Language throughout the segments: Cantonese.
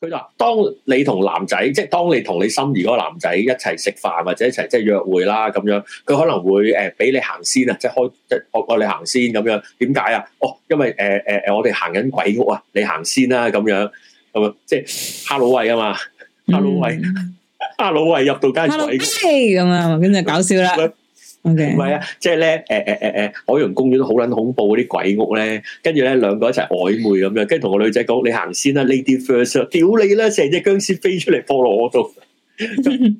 佢就話：當你同男仔，即係當你同你心儀嗰個男仔一齊食飯或者一齊即係約會啦咁樣，佢可能會誒俾、呃、你行先啊，即係開即我我行先咁樣。點解啊？哦，因為誒誒誒，我哋行緊鬼屋啊，你行先啦咁樣咁樣，即係哈囉喂啊嘛，哈囉喂、嗯、 哈囉喂入到間鬼屋咁啊，咁、hey, 就搞笑啦。 唔係啊，即係咧，誒誒誒誒，海洋公園好撚恐怖嗰啲鬼屋咧，跟住咧兩個一齊曖昧咁樣，跟住同個女仔講：你行先啦，Lady First，屌你啦，成隻殭屍飛出嚟放落我度。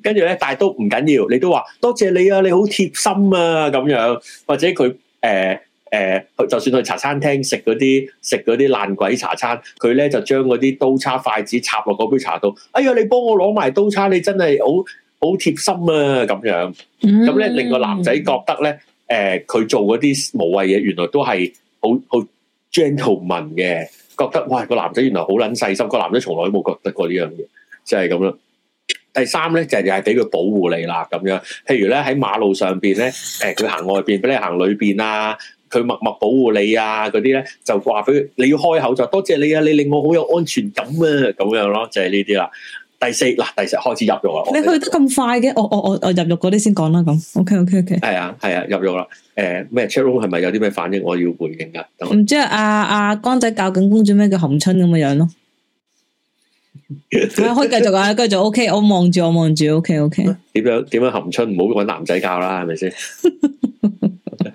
跟住咧，但係都唔緊要，你都話多謝你啊，你好貼心啊咁樣。或者佢誒誒，就算去茶餐廳食嗰啲食啲爛鬼茶餐，佢咧就將嗰啲刀叉筷子插落嗰杯茶度。哎呀，你幫我攞埋刀叉，你真係好。好貼心啊，咁樣，咁咧令個男仔覺得咧，誒、呃，佢做嗰啲無謂嘢，原來都係好好 gentleman 嘅，覺得哇，個男仔原來好捻細心，個男仔從來都冇覺得過呢樣嘢，就係咁啦。第三咧就係俾佢保護你啦，咁樣，譬如咧喺馬路上邊咧，誒、呃，佢行外邊，俾你行裏邊啊，佢默默保護你啊，嗰啲咧就話俾你要開口就多謝你啊，你令我好有安全感啊，咁樣咯，就係呢啲啦。第四嗱，第日開始入獄啦。你去得咁快嘅，我我我我入獄嗰啲先講啦。咁，OK OK OK、啊。係啊係啊，入獄啦。誒咩 Chatroom 係咪有啲咩反應？我要回應噶。唔知啊，阿、啊、江仔教緊公主咩叫含春咁嘅樣咯？係、 啊、可以繼續啊，繼續 OK 我。我望住我望住 OK OK。點樣點樣含春？唔好揾男仔教啦，係咪先？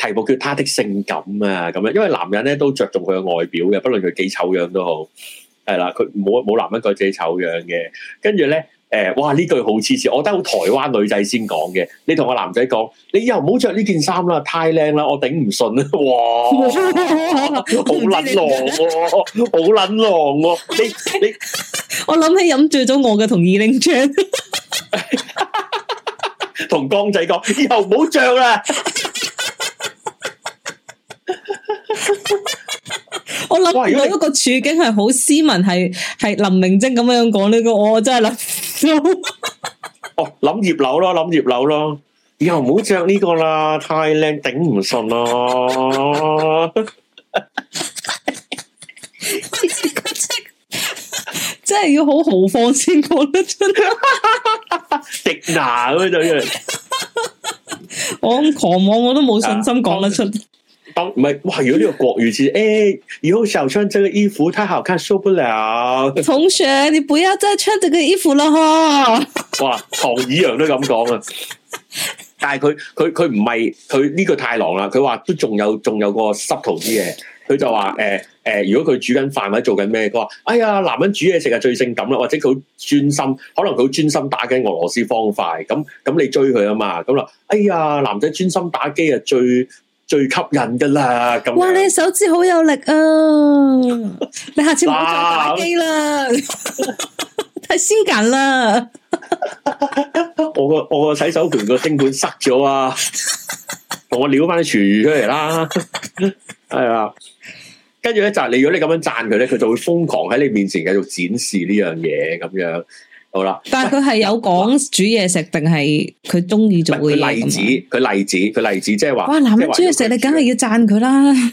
題目叫她的性感啊，咁樣，因為男人咧都着重佢嘅外表嘅，不論佢幾醜樣都好，係啦，佢冇冇男人覺得自己醜樣嘅。跟住咧，誒、呃，哇！呢句好似似我覺得好台灣女仔先講嘅。你同個男仔講，你以後唔好着呢件衫啦，太靚啦，我頂唔順啦，好撚 狼喎、啊，好撚狼喎、啊， 你你，我諗起飲醉咗我嘅同二零張，同 江仔講，以後唔好着啦。 我諗到一個處境係好斯文，係係林明禎咁樣講呢、這個，我真係諗哦諗葉柳咯，諗葉柳咯，以後唔好着呢個啦，太靚頂唔順啦。即係 要好豪放先講得出，食難對對。我咁狂妄，我都冇信心講得出。唔係，哇，如果呢個國語字誒，欸、如果時候穿這個衣服，太好看，看，受不了。同學，你不要再穿這個衣服啦，嗬。哇，唐以陽都咁講啊，但係佢佢佢唔係佢呢個太郎啦，佢話都仲有仲有個濕圖啲嘢，佢就話誒誒，如果佢煮緊飯或者做緊咩，佢話，哎呀，男人煮嘢食係最性感啦，或者佢專心，可能佢好專心打緊俄羅斯方塊，咁咁你追佢啊嘛，咁啦，哎呀，男仔專心打機係最。最吸引噶啦，咁。哇！你手指好有力啊！ 你下次唔好再打機啦，啊、 太酸緊啦。我個我個洗手盆個蒸盤塞咗啊！同 我撩翻啲廚餘出嚟啦，係 啊。跟住咧就係，如果你咁樣讚佢咧，佢就會瘋狂喺你面前繼續展示呢樣嘢咁樣。好啦，但係佢係有講煮嘢食，定係佢中意做會例子佢例子佢例子，即係話，哇！男人煮嘢食，就是、你梗係要讚佢啦。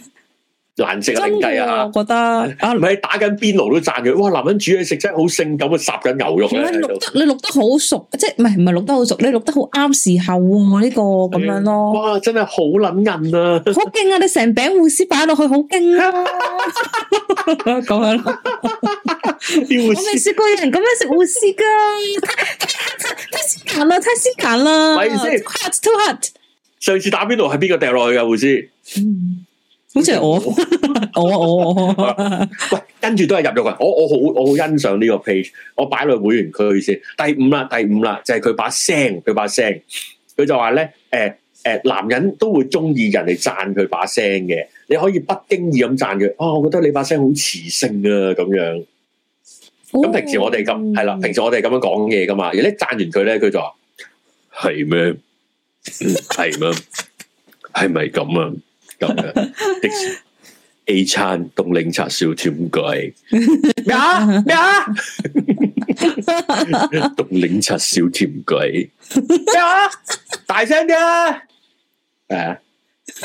難食啊！真嘅啊，我覺得啊，唔、啊、係打緊邊爐都讚佢。哇，男人煮嘢食真係好性感啊！烚緊牛肉，你渌得你渌得好熟，即係唔係唔係渌得好熟？你渌得好啱時候啊！呢、這個咁、嗯、樣咯。哇，真係好撚韌啊！好勁啊！你成餅鬍鬚擺落去，好勁啊！咁 樣咯， 我未試過有人咁樣食鬍鬚噶。太太太太熱啦！太熱啦！喂，先，too hot。上次打邊爐係邊個掉落去嘅鬍鬚？鬍鬚嗯好似我， 我，我我 喂，跟住都係入咗佢。我我好我好欣賞呢個 page，我擺落會員區先。第五啦，第五啦，就係、是、佢把聲，佢把聲，佢就話咧，誒、欸、誒、欸，男人都會中意人哋讚佢把聲嘅。你可以不經意咁讚佢，啊、哦，我覺得你把聲好磁性啊，咁樣。咁、哦、平時我哋咁係啦，平時我哋咁樣講嘢噶嘛。而，咧讚完佢咧，佢就話係咩？係咩？係咪咁啊？咁嘅，A 餐凍檸茶小甜鬼咩啊？咩啊？凍檸茶小甜鬼咩啊？大聲啲啊，誒。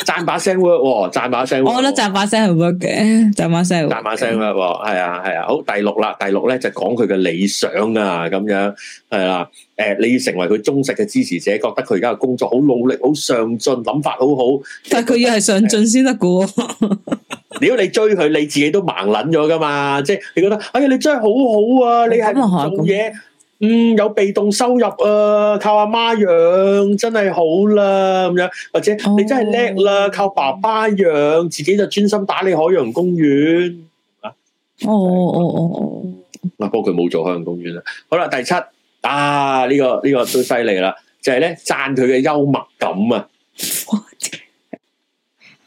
讚把聲 work，讚把聲。我覺得讚把聲係 work 嘅，讚把聲 work。讚把聲 work，係啊係啊。好，第六啦，第六咧就是，講佢嘅理想啊，咁樣係啦。誒、啊呃，你要成為佢忠實嘅支持者，覺得佢而家嘅工作好努力，好上進，諗法好好。但係佢要係上進先得噶。 如果你追佢，你自己都盲撚咗噶嘛？即係你覺得，哎呀，你真係好好啊，你係行嘢。嗯，有被動收入啊、呃，靠阿媽養，真係好啦咁樣，或者你真係叻啦，靠爸爸養，自己就專心打理海洋公園啊。哦哦哦哦哦。嗱、哦，不過佢冇做海洋公園啦。好啦，第七啊，呢、這個呢、這個都犀利啦，就係咧讚佢嘅幽默感啊。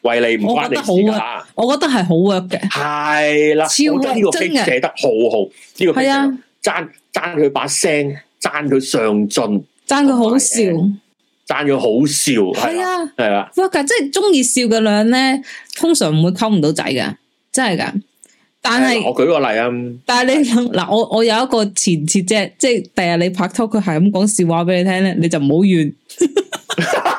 為你唔關你事吓，我覺得係好 work 嘅，係啦，我覺得呢個 piece 寫得好好，呢、這個係啊。讚讚佢把聲，讚佢上進，讚佢好笑，讚佢好笑係啊，係啦、啊，哇！咁真係中意笑嘅女人咧，通常唔會溝唔到仔噶，真係噶。但係我舉個例啊，例但係你嗱、啊，我我有一個前設，啫，即係第日你拍拖，佢係咁講笑話俾你聽咧，你就唔好怨。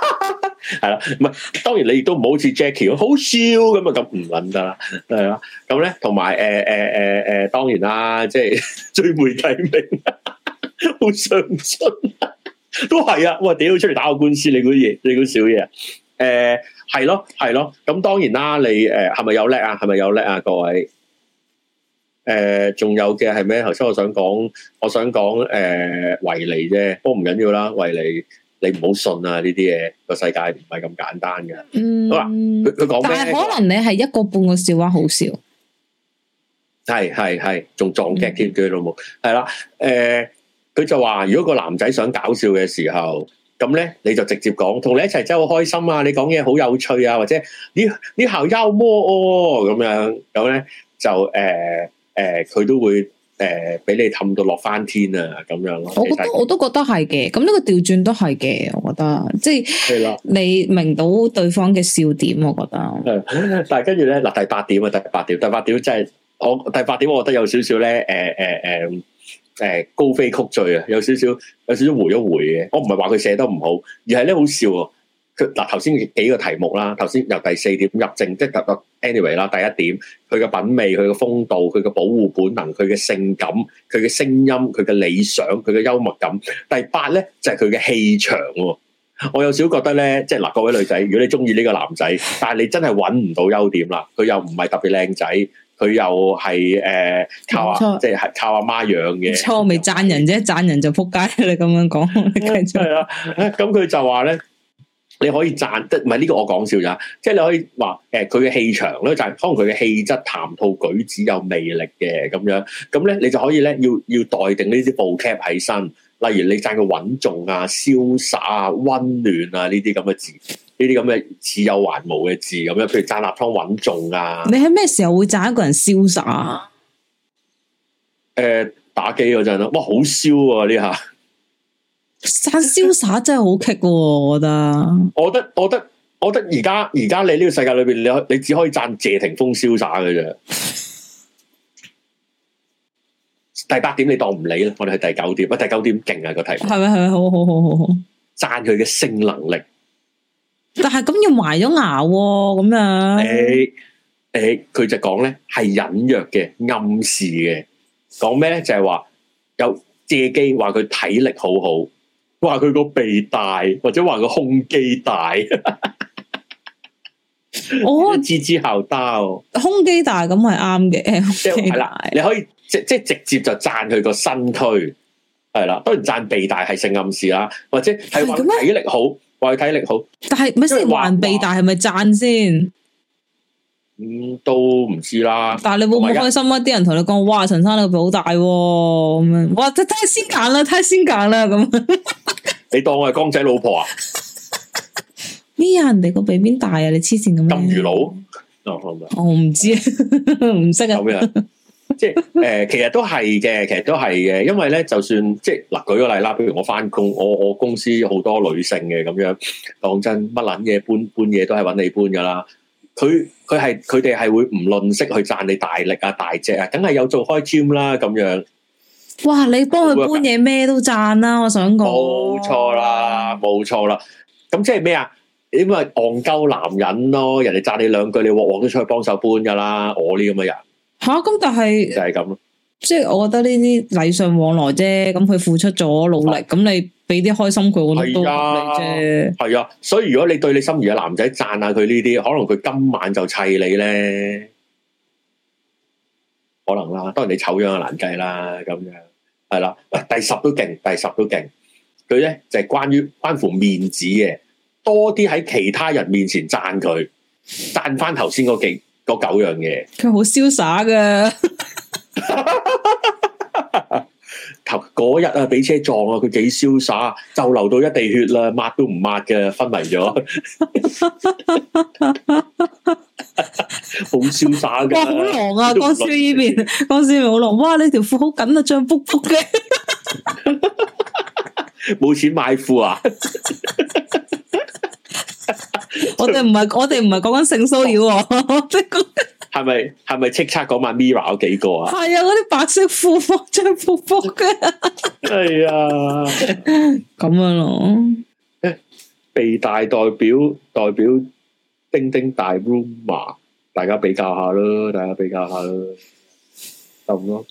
係啦，唔係當然你亦都唔好似 Jacky 咁好笑咁啊，咁唔搵得啦，係啦，咁咧同埋誒誒誒誒，當然啦，即係最媒體名，好上進，都係啊，哇屌出嚟打個官司，你估嘢，你估少嘢，誒係咯係咯，咁當然啦，你誒係咪有叻啊？係咪有叻啊？各位，誒仲有嘅係咩？頭先我想講，我想講誒維尼啫，不過唔緊要啦，維尼。你唔好信啊！呢啲嘢個世界唔係咁簡單噶、嗯。好啦，佢佢講咩？但係可能你係一個半個笑話好笑。係係係，仲撞劇添嘅老母。係、嗯、啦，誒，佢、呃、就話如果個男仔想搞笑嘅時候，咁咧你就直接講，同你一齊真係好開心啊！你講嘢好有趣啊，或者你，你好幽默咁、哦、樣，咁咧就誒誒，佢、呃呃、都會。誒、呃，俾你氹到落翻天啊，咁樣咯。我覺得我都覺得係嘅，咁呢個調轉都係嘅，我覺得，即係你明到對方嘅笑點，我覺得。但係跟住咧嗱，第八點啊，第八點，第八點真係我第八點，我覺得有少少咧，誒誒誒誒高飛曲醉啊，有少少有少少回一回嘅，我唔係話佢寫得唔好，而係咧好笑啊。佢嗱，頭先幾個題目啦，頭先由第四點入正，即係個 anyway 啦。第一點，佢嘅品味，佢嘅風度，佢嘅保護本能，佢嘅性感，佢嘅聲音，佢嘅理想，佢嘅幽默感。第八咧就係佢嘅氣場。我有少覺得咧，即係嗱，各位女仔，如果你中意呢個男仔，但係你真係揾唔到優點啦。佢又唔係特別靚仔，佢又係誒、呃、靠阿即係靠阿媽養嘅。錯未讚人啫，讚人就仆街，你咁樣講係啊，咁佢、嗯、就話咧。你可以讚得唔係呢個我講笑咋，即係你可以話誒，佢、呃、嘅氣場咧就係，可能佢嘅氣質、談吐、舉止有魅力嘅咁樣，咁咧你就可以咧要要待定呢啲布 cap 起身，例如你讚佢穩重啊、瀟灑啊、温暖啊呢啲咁嘅字，呢啲咁嘅似有還無嘅字咁樣，譬如讚立湯穩重啊。你喺咩時候會讚一個人瀟灑啊？誒、呃，打機嗰陣啦，哇，好燒啊呢下！讚瀟灑真係好激嘅，我覺得。我覺得，我覺得，我覺得而家而家你呢個世界裏邊，你你只可以讚謝霆鋒瀟灑嘅啫。第八點你當唔理，我哋係第九點，第九點勁啊，個題目。係咪係咪好好好好好？讚佢嘅性能力，但係咁要埋咗牙咁、啊、樣、 哎。誒、哎、誒，佢就講咧係隱約嘅暗示嘅，講咩咧就係、是、話有借機話佢體力好好。話佢個鼻大，或者話個胸肌大，呵呵哦，字字校答。胸肌大咁係啱嘅，胸肌大。你可以即即直接就讚佢個身軀，係啦。當然讚鼻大係性暗示啦，或者係話體力好，話佢體力好。但係咪先話鼻大係咪讚先？咁、嗯、都唔知啦，但係你會唔會開心啊？啲人同你講，哇，陳生你個鼻好大，咁樣，哇，睇睇先揀啦，睇先揀啦，咁。你當我係光仔老婆啊？咩、哎、啊？人哋個鼻邊大啊？你黐線咁樣？金魚佬？我、哦、唔、哦哦哦哦哦哦、知道，唔識啊。咁即係誒，其實都係嘅，其實都係嘅， 因為咧，就算即係嗱、呃，舉個例啦，譬如我翻工，我我公司好多女性嘅咁樣，當真乜捻嘢搬搬嘢都係揾你搬噶啦。佢佢係佢哋係會唔吝嗇去讚你大力啊大隻啊，梗係有做開 gym 啦咁樣。哇！你幫佢搬嘢咩都讚啦,啦，我想講。冇錯啦，冇錯啦。咁即係咩啊？你咪戇鳩男人咯，人哋讚你兩句，你鑊鑊都出去幫手搬噶啦。我呢咁嘅人。吓、啊，咁但係就係、是、咁即係我覺得呢啲禮尚往來啫，咁佢付出咗努力，咁、啊、你俾啲開心佢，我諗都合理啫。係啊，啊，所以如果你對你心儀嘅男仔讚下佢呢啲，可能佢今晚就砌你咧，可能啦。當然你醜樣就難計啦，咁樣係啦。喂，第十都勁，第十都勁。佢咧就係、是、關於關乎面子嘅，多啲喺其他人面前讚佢，讚翻頭先嗰幾嗰九樣嘢。佢好瀟灑噶。 哈！ 頭嗰日啊，俾車撞啊，佢幾瀟灑，就流到一地血啦，抹都唔抹嘅，昏迷咗。好瀟灑嘅，好狼啊！江詩依面，江詩依好狼。哇，你條褲好緊啊，脹卜卜嘅。冇錢買褲啊！ 我哋唔係，我哋唔係講緊性騷擾，即係講。係咪，係咪叱咤嗰晚 Mirror 幾個啊？係啊，嗰啲白色富婆真係富婆嘅。係 啊、哎呀，咁 樣咯。被大代表代表丁丁大 Rumor，大家比較下啦，大家比較下啦，就咁、是、咯。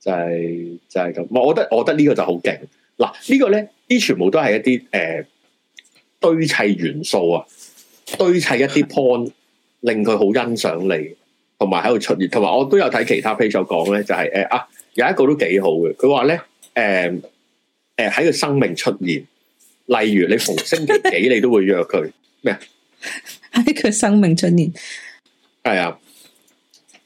就係就係咁。我我覺得我覺得呢個就好勁。嗱，這個、呢個咧，啲全部都係一啲誒、呃、堆砌元素啊，堆砌一啲 point 令佢好欣賞你。同埋喺度出現，同埋我都有睇其他 page 所講咧，就係、是、誒啊有一個都幾好嘅。佢話咧誒誒喺個生命出現，例如你逢星期幾你都會約佢咩啊？喺佢 生命出現係啊，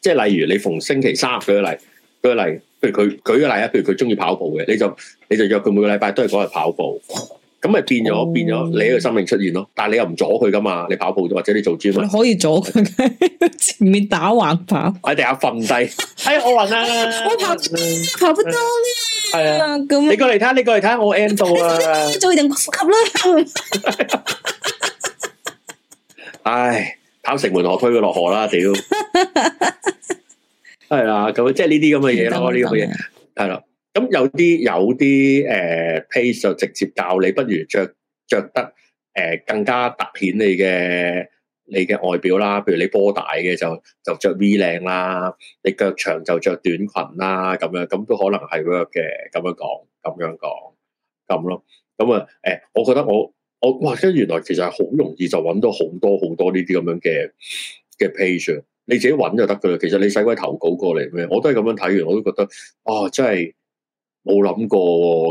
即係例如你逢星期三舉個例舉個例，譬如佢舉個例啊，譬如佢中意跑步嘅，你就你就約佢每個禮拜都係嗰日跑步的。咁咪變咗變咗你嘅生命出現咯，嗯，但係你又唔阻佢噶嘛。你跑步或者你做 gym，可以阻佢 前面打橫跑，喺地下瞓低。哎，我暈啦，我跑唔到，跑唔到係啊，咁你過嚟睇，你過嚟睇下我 end 到啦，做一定呼吸啦， 唉，跑城門河推佢落河啦，屌， 啊，係啦，咁即係呢啲咁嘅嘢咯，呢咁嘅嘢係啦。這咁有啲有啲誒、呃、page 就直接教你，不如著著得誒、呃、更加突顯你嘅你嘅外表啦。譬如你波大嘅就就著 V 領啦，你腳長就著短裙啦。咁樣咁都可能係 work 嘅。咁樣講，咁樣講，咁咯。咁啊、欸、我覺得我我哇，原來其實係好容易就揾到好多好多呢啲咁樣嘅嘅 page。你自己揾就得噶啦。其實你使鬼投稿過嚟咩？我都係咁樣睇完，我都覺得哦，真係～冇諗過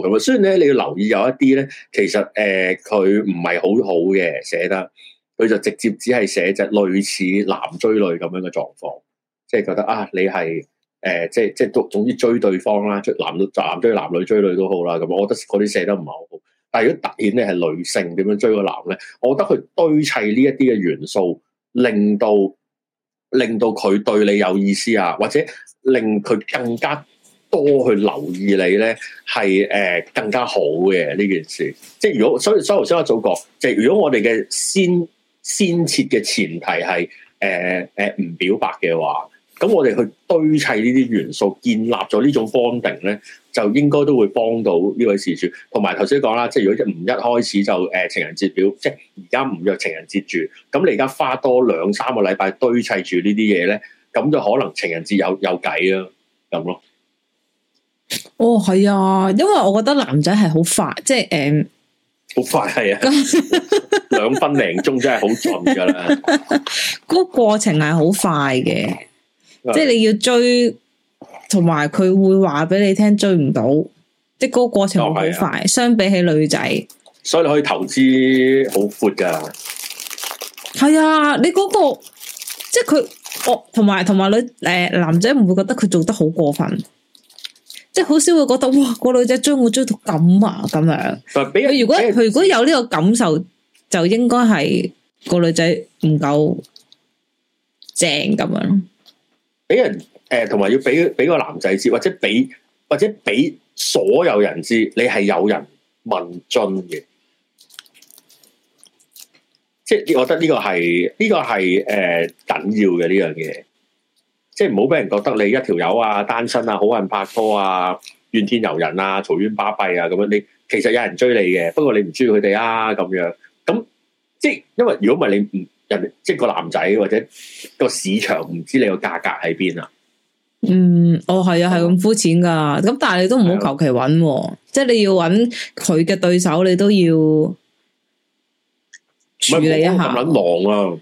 咁啊！雖然咧，你要留意有一啲咧，其實誒，佢唔係好好嘅，寫得，佢就直接只係寫只類似男追女咁樣嘅狀況，即係覺得啊，你係誒、呃，即係即係都總之追對方啦，追男男追男女追女都好啦。咁，我覺得嗰啲寫得唔係好好。但係如果突顯你係女性點樣追個男咧，我覺得佢堆砌呢一啲嘅元素，令到令到佢對你有意思啊，或者令佢更加。多去留意你咧，係誒、呃、更加好嘅呢件事。即係如果，所以所以，先話祖國，即係如果我哋嘅先先設嘅前提係誒誒唔表白嘅話，咁我哋去堆砌呢啲元素，建立咗呢種 bonding 咧，就應該都會幫到呢位事主。同埋頭先講啦，即係如果一唔一開始就誒、呃、情人節表，即係而家唔約情人節住，咁你而家花多兩三個禮拜堆砌住呢啲嘢咧，咁就可能情人節有有計啊，咁咯。哦，係啊，因為我覺得男仔係好快，即係誒，好、嗯、快係啊，兩 分零鐘真係好盡噶啦。嗰個過程係好快嘅，即係、啊就是、你要追，同埋佢會話俾你聽追唔到，即係嗰個過程好快、啊。相比起女仔，所以你可以投資好闊噶。係啊，你嗰、那個即係佢，哦同埋同埋女誒、呃、男仔唔會覺得佢做得好過分。即係好少會覺得哇，個女仔追我追到咁啊，咁樣。佢如果佢如果有呢個感受，就應該係個女仔唔夠正咁樣。俾人誒，同、呃、埋要俾俾個男仔知，或者俾或者俾所有人知，你係有人問津嘅。即係我覺得呢個係呢、呢個係誒緊要嘅呢樣嘢。這個即係唔好俾人覺得你一條友啊、單身啊、好恨拍拖啊、怨天尤人啊、嘈冤巴閉啊咁樣。你其實有人追你嘅，不過你唔中意佢哋啊咁樣。咁即係因為如果唔係你唔人，即係個男仔或者個市場唔知你個價格喺邊啊。嗯，哦，係啊，係咁膚淺㗎。咁、啊、但係你都唔好求其揾，即係你要揾佢嘅對手，你都要處理一下。揾狼啊！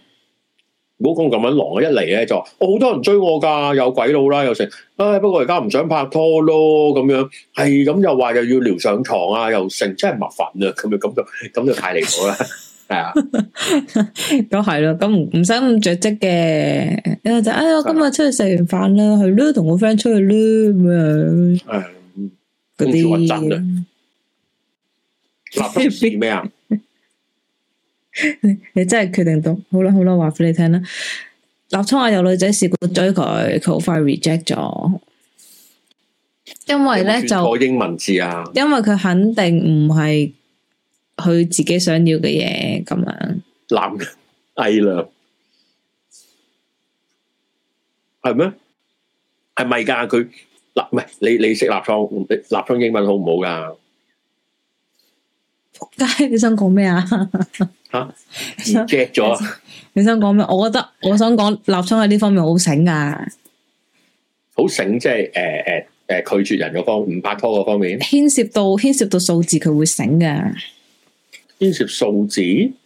唔好咁撚狼啊！一嚟咧就話我好、哦、多人追我噶，有鬼佬啦，有成、哎哎 是啊 哎啊啊。唉，不過而家唔想拍拖咯，咁樣係咁又話又要撩上床啊，又成，真係麻煩啊！咁就咁就咁就太離譜啦，係啊，咁係咯，咁唔使咁着迹嘅。就哎呀，今日出去食完飯啦，去咯，同個 friend 出去咯，咁樣。係嗰啲。嗱，不是咩啊？ 你真係決定到，好啦好啦，話俾你聽啦。立聰啊，有女仔試過追佢，佢好快 reject 咗。因為咧就英文字啊，因為佢肯定唔係佢自己想要嘅嘢咁樣。男人低啦，係咩？係咪噶佢嗱？唔係你你識立聰？立聰英文好唔好噶？仆街！你想講咩啊？ 吓，吓咗。你想講咩？ 我覺得我想講立聰喺呢方面好醒噶，好醒即係誒誒誒拒絕人嗰方，唔拍拖嗰方面，牽涉到牽涉到數字佢會醒噶，牽涉數字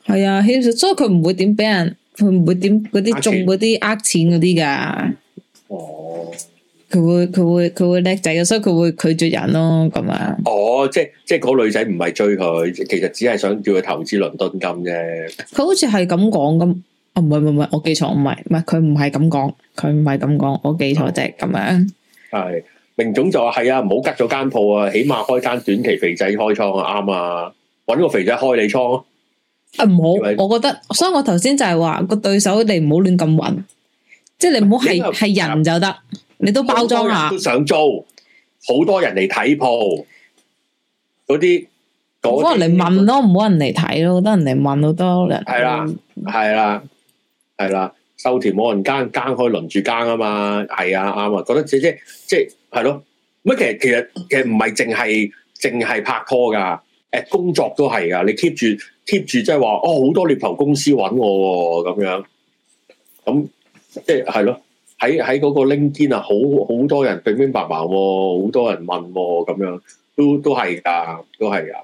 係啊，牽涉所以佢唔會點俾人，佢唔會點嗰啲中嗰啲呃錢嗰啲噶。哦。佢會佢會佢會叻仔嘅，所以佢會拒絕人咯，咁樣。哦，即係即係嗰個女仔唔係追佢，其實只係想叫佢投資倫敦金啫。佢好似係咁講咁，啊唔係唔係，我記錯，唔係唔係，佢唔係咁講，佢唔係咁講，我記錯啫，咁、嗯就是、樣。係明總就話：係啊，唔好吉咗間鋪啊，起碼開間短期肥仔開倉啊，啱啊，搵個肥仔開你倉。啊唔好，我覺得，所以我頭先就係話個對手你唔好亂咁搵，即係你唔好係係人就得。你都包裝下，都想租，好多人嚟睇鋪嗰啲，好多人嚟問都唔好人嚟睇咯，好多人嚟問好 多人。係、嗯、啦，係啦，係啦，收條冇人間，間開輪住間啊嘛，係啊，啱啊，覺得即係即係係咯，乜其、其實其實其實唔係淨係淨係拍拖噶，誒，工作都係噶，你 keep 住 keep 住，即係話哦，好多獵頭公司搵我咁、哦、樣，咁即係係咯。喺喺嗰個拎堅啊，好好多人明明白白喎，好多人問喎，咁樣都都係噶，都係噶。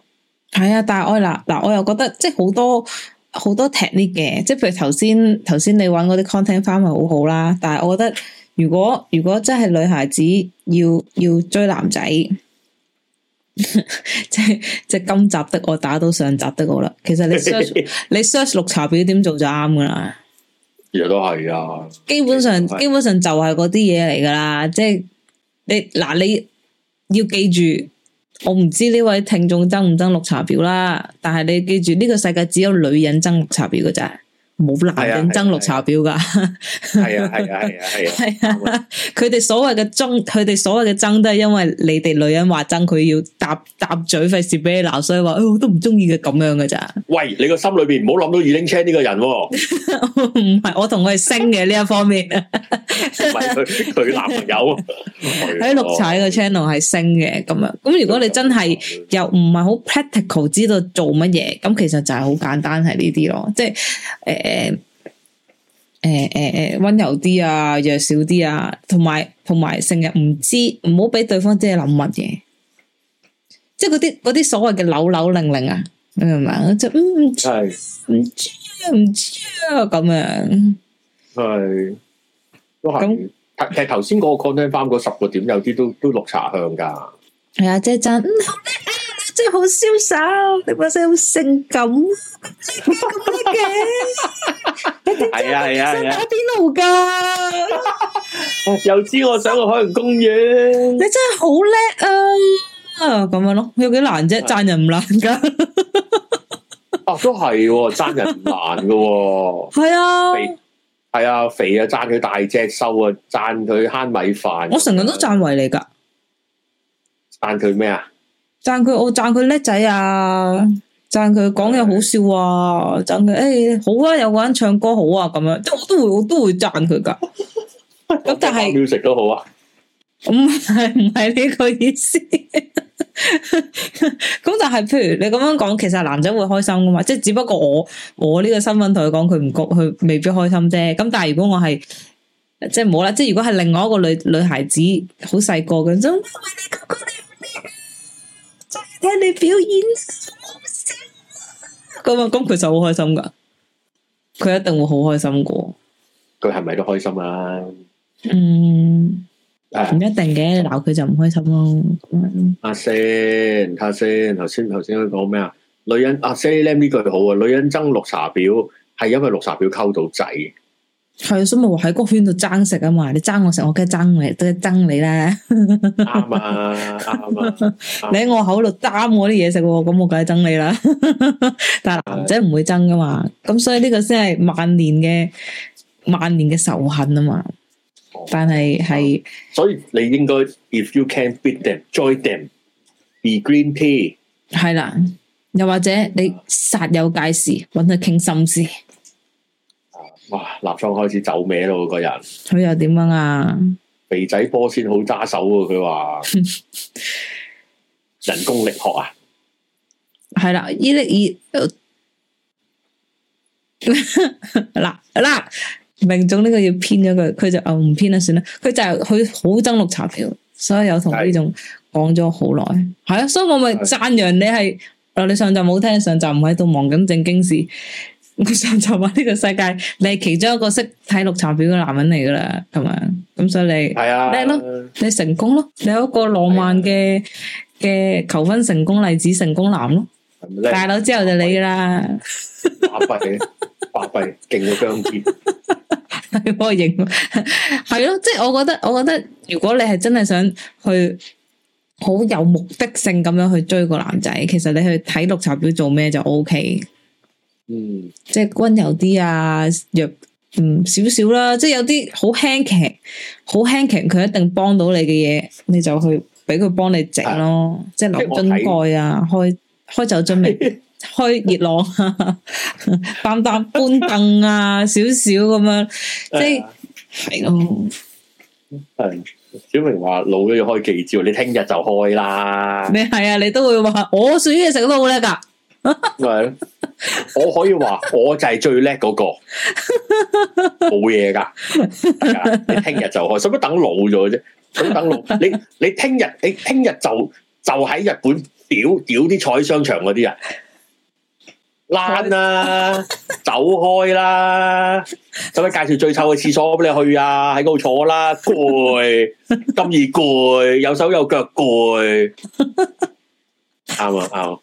係啊，但係我嗱嗱，我又覺得即係好多好多 technique 嘅，即係譬如頭先頭先你揾嗰啲 content 翻咪好好啦。但係我覺得如果如果真係女孩子要要追男仔， 即係即係今集的我打到上集的我啦。其實你 search 你 search 綠茶婊點做就啱噶啦。其亦都係啊，啊，基本上、啊、基本上就係嗰啲嘢嚟噶啦，即、就、係、是、你嗱你要記住，我唔知呢位聽眾憎唔憎綠茶婊啦，但係你記住呢、這個世界只有女人憎綠茶婊噶咋。冇男人憎綠茶婊㗎，係啊係啊係啊，係啊！佢哋、啊 啊啊啊啊啊、 所謂嘅憎，佢哋所謂嘅憎，都係因為你哋女人話憎佢要搭搭嘴，費事俾你鬧，所以話、哎、都唔中意嘅咁樣㗎咋？喂，你個心裏邊唔好諗到二零 c 呢個人喎、啊，唔 係我同佢係升嘅呢 一方面，唔係佢佢男朋友喺 綠茶嘅 channel 係升嘅咁啊！咁如果你真係又唔係好 practical 知道做乜嘢，咁其實就係好簡單係呢啲咯，即係誒。欸誒誒誒誒，温柔啲啊，弱少啲啊，同埋同埋，成日唔知，唔好俾對方即係諗乜嘢，即係嗰啲嗰啲所謂嘅扭扭擰擰啊，你明唔明啊？即係唔知啊，唔知啊，唔知啊，咁樣，係都係。其實頭先嗰個 content 翻嗰十個點，有啲都都綠茶香噶。係啊，即係真。你好瀟灑，你把聲好性感，咁叻嘅。 你點知我想打邊爐噶？又知我想去海洋公園， 你真係好叻啊！咁樣咯，有幾難啫、啊？讚人唔難噶， 啊，都係讚人唔難噶，係啊，啊 是啊 肥係啊，肥啊，讚佢大隻，瘦啊，讚佢慳米飯，我成日都讚為你噶，讚佢咩啊？讚佢，我讚佢叻仔啊！讚佢講嘢好笑啊！讚佢，誒、哎，好啊！有個人唱歌好啊，咁樣即係我都會，我都會讚佢噶。咁 但係，食都好啊。唔係唔係呢個意思。咁 但係，譬如你咁樣講，其實男仔會開心噶嘛？即係只不過我我呢個身份同佢講，佢唔覺佢未必開心啫。咁但係如果我係即係冇啦，即係如果係另外一個女女孩子，好細個咁聽你表演，咁啊，咁佢就好開心噶，佢一定會好開心個，佢係咪都開心啊？嗯，唔、哎、一定嘅，鬧佢就唔開心咯。阿、嗯啊、先，阿、啊、先，頭先頭先講咩啊？女人阿 Sir a m 呢句好啊，女人憎綠茶婊係因為綠茶婊溝到仔。係啊，所以咪話喺個圈度爭食啊嘛？你爭我食，我梗係爭你，都係爭你啦。啱 啊，啱啊，啊 你喺我口度爭我啲嘢食喎，咁我梗係爭你啦， 哦。但係男仔唔會爭噶嘛，咁所以呢個先係萬年嘅萬年嘅仇恨啊嘛。但係係，所以你應該 if you can beat them, join them, be green tea。係啦，又或者你煞有介事，搵佢傾心思。哇！立場開始走歪咯，個人佢又點樣啊？肥仔波先好揸手啊。佢話 人工力學啊，係 啦、啊，依啲依嗱嗱，明總呢個要編咗佢，佢就唔編啦，算啦，佢就佢好憎綠茶婊，所以有同呢種講咗好耐，係啊，所以我咪讚揚你係，我、啊、你上集冇聽，上集唔喺度忙緊正經事。我想就話呢個世界，你係其中一個識睇綠茶表嘅男人嚟噶啦，係咪？咁所以你係啊，叻咯，你成功咯，你有一個浪漫嘅嘅、啊、求婚成功例子，成功男咯，大佬之後就你噶啦，巴閉，巴閉，勁到僵可以認，係 咯，即係我覺得，我覺得如果你係真係想去，好有目的性咁樣去追個男仔，其實你去睇綠茶表做咩就 O、OK、K。嗯，即係溫柔啲啊，弱嗯少少啦，即係有啲好輕劇，好輕劇，佢一定幫到你嘅嘢，你就去俾佢幫你整咯，即係留樽蓋啊，開開酒樽未，開熱浪，擔擔搬凳啊，少少咁樣，即係係咯，係 小明話老咗要開記照，你聽日就開啦，你係啊，你會都會話我煮嘢食都好叻噶，係咯。 我可以話，我就係最叻嗰、那個，冇嘢㗎。你聽日就開，使乜等老咗啫？使乜等老，你你聽日，你聽日就就喺日本屌屌啲彩商場嗰啲人，爛啦、啊，走開啦、啊！使唔使介紹最臭嘅廁所俾你去啊？喺嗰度坐啦，攰，咁易攰，有手有腳攰。啱 啊，啱、啊。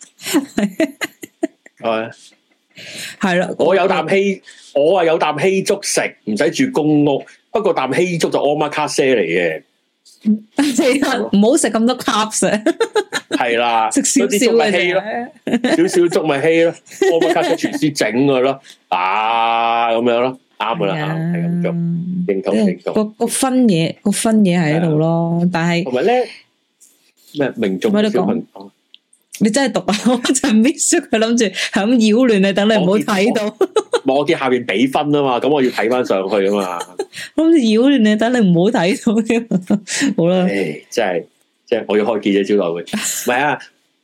係、哎，係啦。我有啖稀，我係有啖稀粥食，唔使住公屋。不過啖稀粥就 omakase 嚟嘅，唔好食咁多卡些。係啦，食少少咪稀咯，少少、啊、粥咪稀咯。o makase 廚師整佢咯，啊咁樣咯，啱噶啦，係咁做，認同認同。個、啊、分嘢個分嘢喺度咯，但係同埋咧咩名眾小朋友。你真係讀啊！ 我就 miss 佢，諗住係咁擾亂你，等你唔好睇到。望見下邊畀分啊嘛，咁我要睇翻上去啊嘛。咁擾亂你，等你唔好睇到。好啦，誒，真係，真係，我要開記者招待會。唔係啊，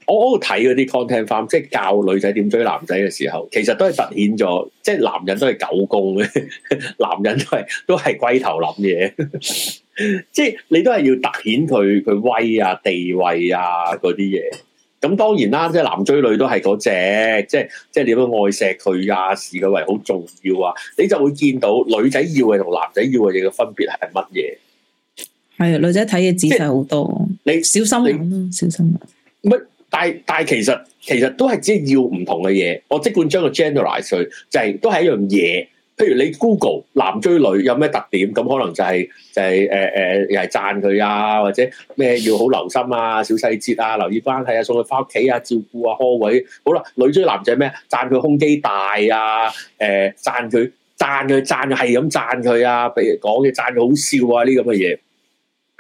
我我睇嗰啲 content farm，即係教女仔點追男仔嘅時候，其實都係凸顯咗，即係男人都係狗公嘅， 男人都係都係龜頭諗嘢，即 係你都係要凸顯佢佢威啊地位啊嗰啲嘢。咁當然啦，即係男追女都係嗰隻，即係即係點樣愛錫佢啊，視佢為好重要啊，你就會見到女仔要嘅同男仔要嘅嘢嘅分別係乜嘢？係啊，女仔睇嘢仔細好多，你小心、啊、你你小心乜、啊？但但其實其實都係只係要唔同嘅嘢。我即管將佢 generalize 佢，就係、係、都係一樣嘢。譬如你 Google 男追女有咩特點，咁可能就係、是、就係誒又係讚佢啊，或者咩要好留心啊，小細節啊，留意返睇啊，送佢翻屋企啊，照顧啊，呵位、啊、好啦。女追男就係咩？讚佢胸肌大啊，誒、呃、讚佢讚佢讚佢係咁讚佢啊，譬如講嘅讚佢好笑啊，呢咁嘅嘢。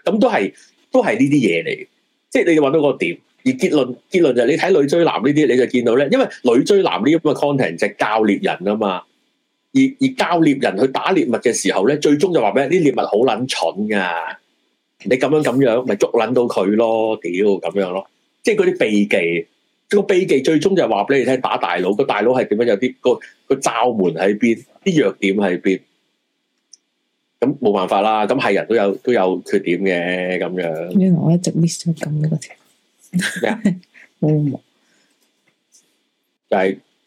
咁都係都係呢啲嘢嚟，即、就、係、是、你要搵到個點。而結論結論就係你睇女追男呢啲，你就見到咧，因為女追男呢咁嘅 content 係教獵人啊嘛。而而教獵人去打獵物嘅時候咧，最終就話俾人，啲獵物好撚蠢噶，你咁樣咁樣，咪捉撚到佢咯？屌咁樣咯，即係嗰啲秘技。個秘技最終就話俾你聽，打大佬個大佬係點樣有？有啲個個罩門喺邊，啲弱點喺邊。咁冇辦法啦。咁係人都有都有缺點嘅咁樣。原來我一直 miss 咗咁嘅個情況 就係、是。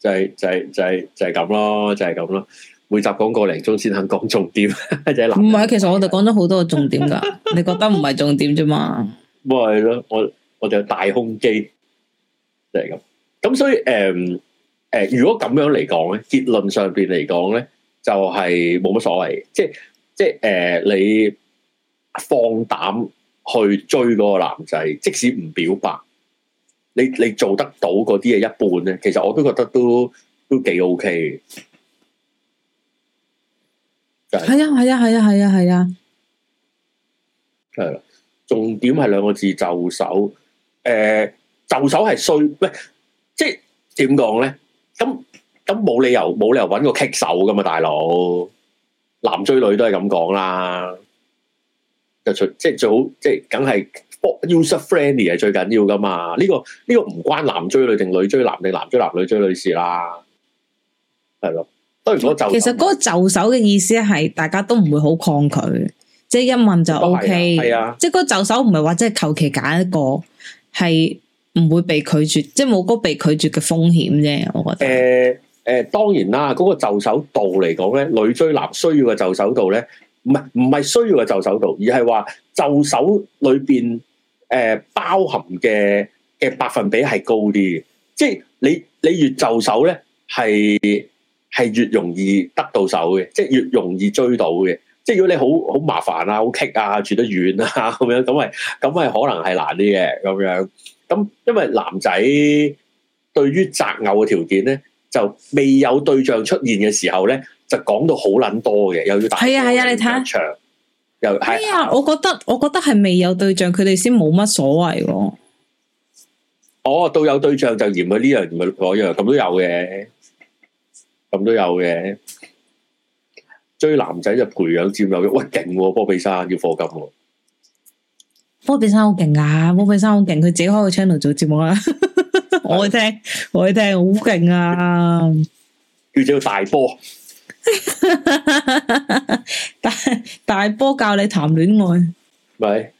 就係、是、就係、是、就係、是、就係、是、咁咯，就係、是、咁咯。每集講個零鐘先肯講重點，呵呵就係唔係其實我哋講咗好多重點噶？ 你覺得唔係重點啫嘛？咪係咯，我我有大胸肌，就係、是、咁。咁所以誒誒、呃呃，如果咁樣嚟講咧，結論上邊嚟講咧，就係冇乜所謂。即係即係誒、呃，你放膽去追嗰個男仔，即使唔表白。你你做得到嗰啲嘅一半咧，其實我都覺得都都幾 OK 嘅。係啊係啊係啊係啊係啊係啦、啊！重點係兩個字就手。誒、呃，就手係衰，喂，即係點講咧？咁咁冇理由冇理由揾個棘手噶嘛，大佬。男追女都係咁講啦，就最即係最好即係梗係。哦，user friendly 係最緊要噶嘛。呢、這個呢、這個唔關男追女定女追男定男追男女追女事啦，係咯。當然就，其實嗰個就手嘅意思係，大家都唔會好抗拒，嗯、即係一問就 O、OK, K、嗯。係、嗯、啊、嗯嗯，即係嗰個就手唔係話即係求其揀一個，係唔、啊、會被拒絕，即係冇嗰被拒絕嘅風險啫。我覺得、呃，誒、呃、誒，當然啦，嗰、那個就手度嚟講咧，女追男需要嘅就手度咧，唔係唔係需要嘅就手度，而係話就手裏邊。誒、呃，包含嘅嘅百分比係高啲嘅，即係你你越就手咧，係係越容易得到手嘅，即係越容易追到嘅。即係如果你好好麻煩啊，好棘啊，住得遠啊，咁樣咁係咁係可能係難啲嘅咁樣。咁因為男仔對於擇偶嘅條件咧，就未有對象出現嘅時候咧，就講到好撚多嘅，又要打係啊係啊，你睇下。係啊、哎，我覺得我覺得係未有對象，佢哋先冇乜所謂。我、哦、到有對象就嫌佢呢樣，嫌佢嗰樣，咁都有嘅，咁都有嘅。追男仔就培養佔有欲，喂，勁波比山要課金喎。波比山好勁啊，波比山好勁，佢、啊啊、自己開個 channel 做節目啦 。我會聽，我會聽，好勁啊，叫做大波。大大波教你談戀愛，咪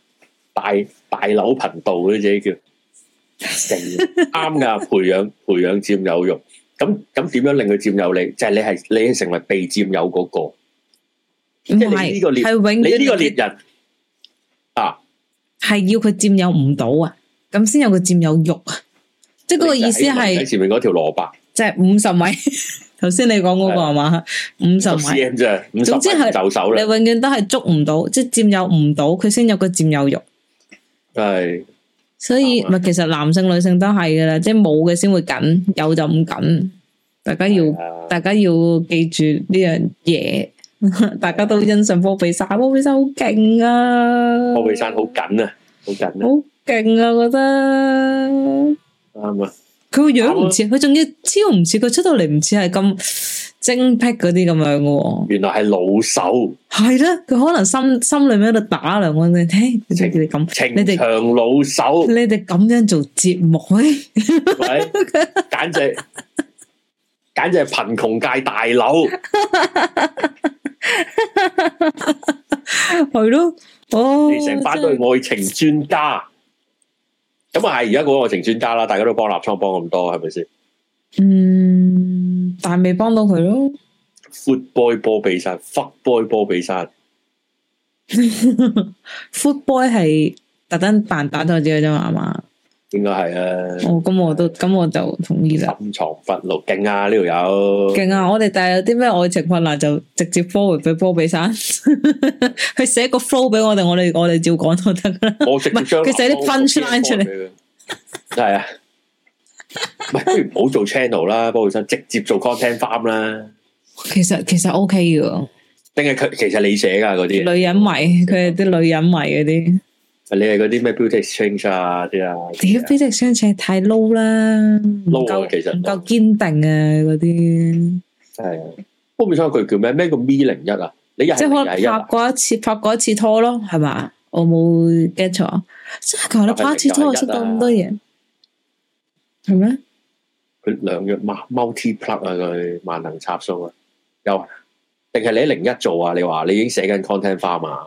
大大樓頻道嗰啲自己叫，啱㗎。培養培養佔有慾，咁咁點樣令佢佔有你？就係你係你係成為被佔有嗰個，唔係呢個獵，你呢個獵人啊，係要佢佔有唔到啊，咁先有佢佔有慾，即係嗰個意思係前面嗰條蘿蔔，即係五十米。頭先你講嗰個係嘛？五十米啫，總之係就手啦。你永遠都係捉唔到，即係佔有唔到，佢先有個佔有欲。係，所以咪其實男性女性都係噶啦，即係冇嘅先會緊，有就唔緊。大家要大家要記住呢樣嘢。大家都欣賞科比山，科比山好勁啊！科比山好緊啊，好緊啊，好勁啊，我覺得。啱啊！佢個樣唔似，佢仲要超唔似，佢出到嚟唔似係咁精闢嗰啲咁樣喎。原來係老手，係啦，佢可能心心裏面喺度打量我哋，聽、哎、你哋咁，情場老手，你哋咁樣做節目 喂，簡直簡直係貧窮界大佬，係 咯、哦，你成班都係愛情專家。咁啊，係而家嗰個愛情專家啦，大家都幫立倉幫咁多，係咪先？嗯，但係未幫到佢咯。Foot boy 波比山，fuck boy 波比山。Foot boy 係特登扮打錯字嘅啫嘛，係嘛？應該係啊！哦，咁我都，咁我就同意啦。深藏不露，勁啊！呢度有勁啊！我哋但係有啲咩愛情困難，就直接 forward 俾波比山，佢 寫個 flow 俾我哋，我哋我哋照講都得啦。我直接將佢寫啲 punchline 出嚟。係 啊，唔係不如唔好做 channel 啦，波比山直接做 content farm 啦。其實其實 OK 噶，定係佢其實你寫噶嗰啲女人迷，佢係啲女人迷嗰啲。你係嗰啲咩 Beauty Exchange 啊啲啊？Beauty Exchange 太 low 啦，唔、啊、夠，其實唔夠堅定啊嗰啲。係，我未聽佢叫咩？咩叫 V 零一啊？你啊即係可能拍過一次，拍過一次拖咯，係嘛？我冇 get 錯，即係啊！你拍一次拖，我識到咁多嘢，係咩？佢兩月 multi plug 啊，佢萬能插數啊，又定係你喺零一做啊？你話你已經寫緊 content farm 嘛？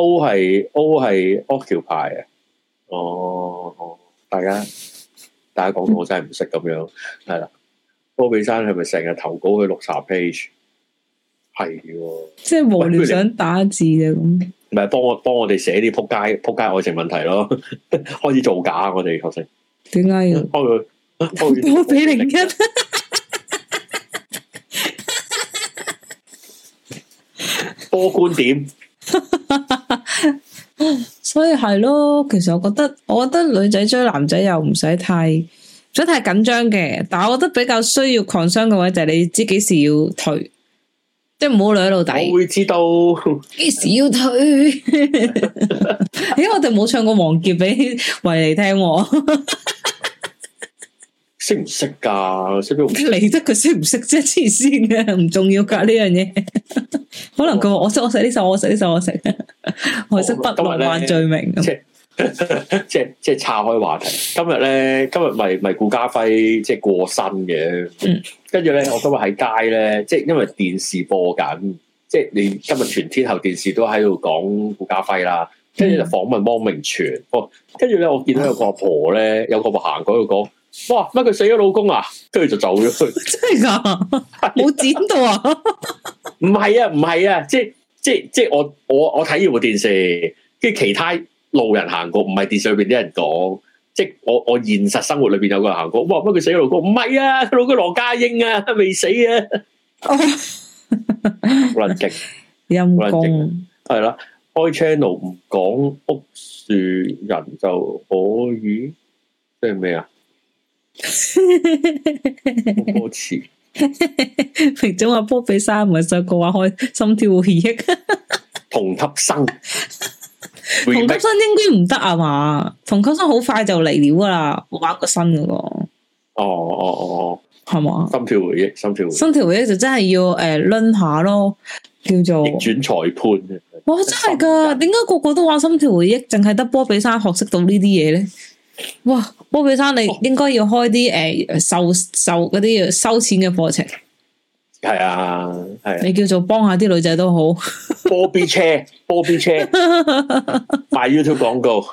O 係 O 係 occupy 啊！哦哦大家大家講，我真係唔識咁樣，係啦。波比山係咪成日投稿去六十八 page？係即係無聊想打字嘅咁。唔係幫我幫我哋寫啲仆街仆街愛情問題咯， 開始造假我哋確實。點解要？波、 啊、比零一多、啊、 觀點。 所以係咯，其實我覺得，我覺得女仔追男仔又唔使太，唔太緊張嘅。但係我覺得比較需要 concern 嘅位就係你知幾時要退，即係唔好兩路底。我會知道幾時要退。 咦，我哋冇唱過王傑俾維嚟聽 識唔識噶？識唔識？嚟得佢識唔識啫？黐線嘅，唔重要噶呢樣嘢。可能佢話我識，我識呢首，我識呢首，我識。我識不浪漫罪名。即係即係即係，岔開話題。今日咧，今日咪咪顧家輝即係、就是、過身嘅。跟住咧，我今日喺街咧，即、就、係、是、因為電視播緊，即、就、係、是、你今日全天候電視都喺度講顧家輝啦。跟、嗯、住就訪問汪明荃。哦，跟住咧，我見到有個阿婆咧，有個行過去講。哇！乜佢死咗老公啊？跟住就走咗去？真係噶？冇剪到啊！唔係啊，唔係啊，即係即係即係我我我睇呢部電視，跟住其他路人行過，唔係電視裏邊啲人講，即係我我現實生活裏邊有個人行過。哇！乜佢死咗、啊、老公？唔係啊，老公羅家英啊，未死啊。好難整，好難整，陰功係啦，開 channel 唔講屋樹人就可以，即係咩啊？歌詞，明總阿波比山唔係想講話開心跳回憶， 同，特生 同級生，同級生應該唔得啊嘛，同級生好快就嚟了啦，玩個新嘅個，哦哦哦，哦，係嘛？心跳回憶，心跳回憶，心跳回憶就真係要誒輪、呃、下咯，叫做逆轉裁判，哇真係噶，點解個個都話心跳回憶，淨係得波比山學識到呢啲嘢咧？哇，波比生，你應該要開啲誒、哦呃、售售嗰啲收錢嘅課程。係啊，係、啊。你叫做幫下啲女仔都好。波比車，波比車賣 YouTube 廣 告、uh, YouTube uh,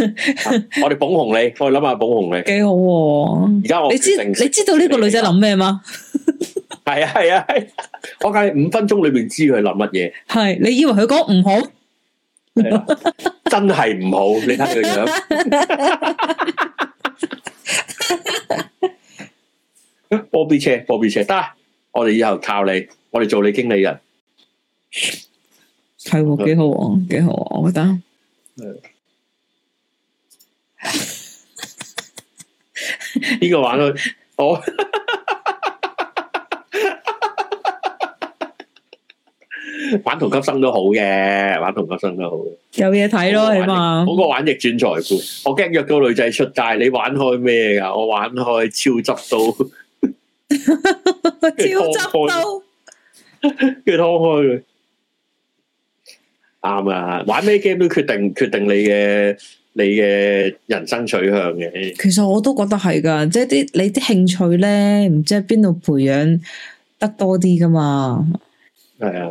uh。 我哋捧紅你，我哋諗下捧紅你。幾好、啊，而家我你知你知道呢個女仔諗咩嗎？係 啊係啊，啊，我計五分鐘裏面知佢諗乜嘢。係，你以為佢講唔好？ 是啊 真係唔好，你睇佢個樣。波比車，波比車，得，我哋以後靠你，我哋做你經理人，係，幾好，幾好，我覺得。呢個玩去我。玩同級生都好嘅，玩同級生都好嘅，有嘢睇咯，係嘛？我個玩逆轉財富，我驚約個女仔出街。你玩開咩噶？我玩開超執刀， 超執刀，跟住劏開佢。啱啊！玩咩 game 都決定決定你嘅你嘅人生取向嘅。其實我都覺得係噶，即係啲你啲興趣咧，唔知喺邊度培養得多啲噶嘛？係啊。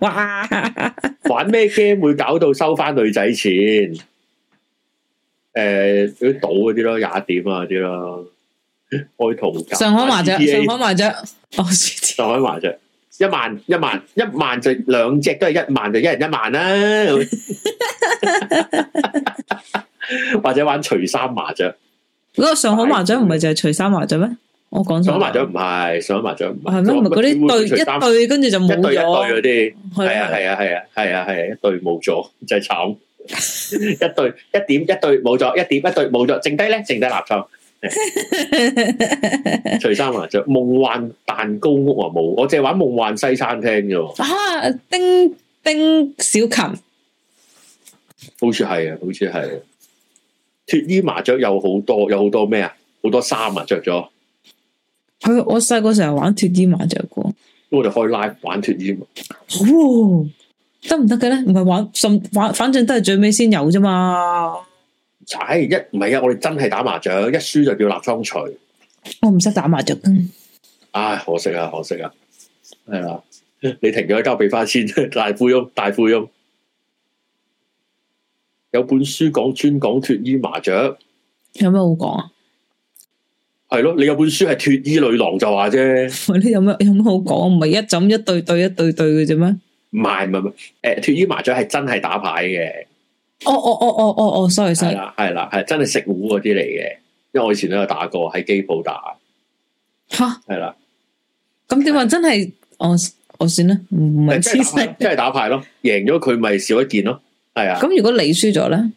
哇！ 玩咩 game 會搞到收翻女仔錢？誒、欸，嗰啲賭嗰啲咯，廿一點啊啲咯，愛同。上海麻雀、啊，上海麻雀， 上海麻雀，一萬，一萬，一萬就兩隻都係一萬，就一人一萬啦。 或者玩除三麻雀，嗰、嗰個上海麻雀唔係就係除三麻雀咩？ 我講錯，麻雀唔係，玩麻雀唔係咁，嗰啲對一對，跟住就冇咗一對一對嗰啲，係啊係啊係啊係啊係一對冇咗，真係慘，一對一點 一對冇咗，一點一對冇咗，剩低咧剩低垃圾。除衫 麻雀，夢幻蛋糕屋啊冇，我淨係玩夢幻西餐廳嘅。啊，丁丁小琴，好似係啊，好似係脫衣麻雀有好多，有好多咩啊？好多衫啊，着咗。佢、嗯、我細個成日玩脫衣麻雀不，咁我哋開 live 玩脫衣嘛，好得唔得嘅咧？唔係玩，甚玩，反正都係最尾先有啫嘛。唉、哎，一唔係啊，我哋真係打麻雀，一輸就叫立莊除。我唔識打麻雀，唉、哎，可惜啊，可惜啊，係啦，你停咗一交俾翻先，大富翁，大富翁，有本書講專講脫衣麻雀，有咩好講啊？係咯，你有本書係脫衣女郎就話啫。你有咩有乜好講？唔係一枕一對對一對對嘅啫咩？唔係唔係唔係，誒脫衣麻雀係真係打牌嘅。哦哦哦哦哦哦，sorry sorry。係啦，係真係食糊嗰啲嚟嘅。因為我以前都有打過，喺機鋪打。吓，係啦。咁點話真係？我我算啦，唔唔係黐線。即係打，打牌咯，贏咗佢咪少一件咯。係啊。咁如果你輸咗咧？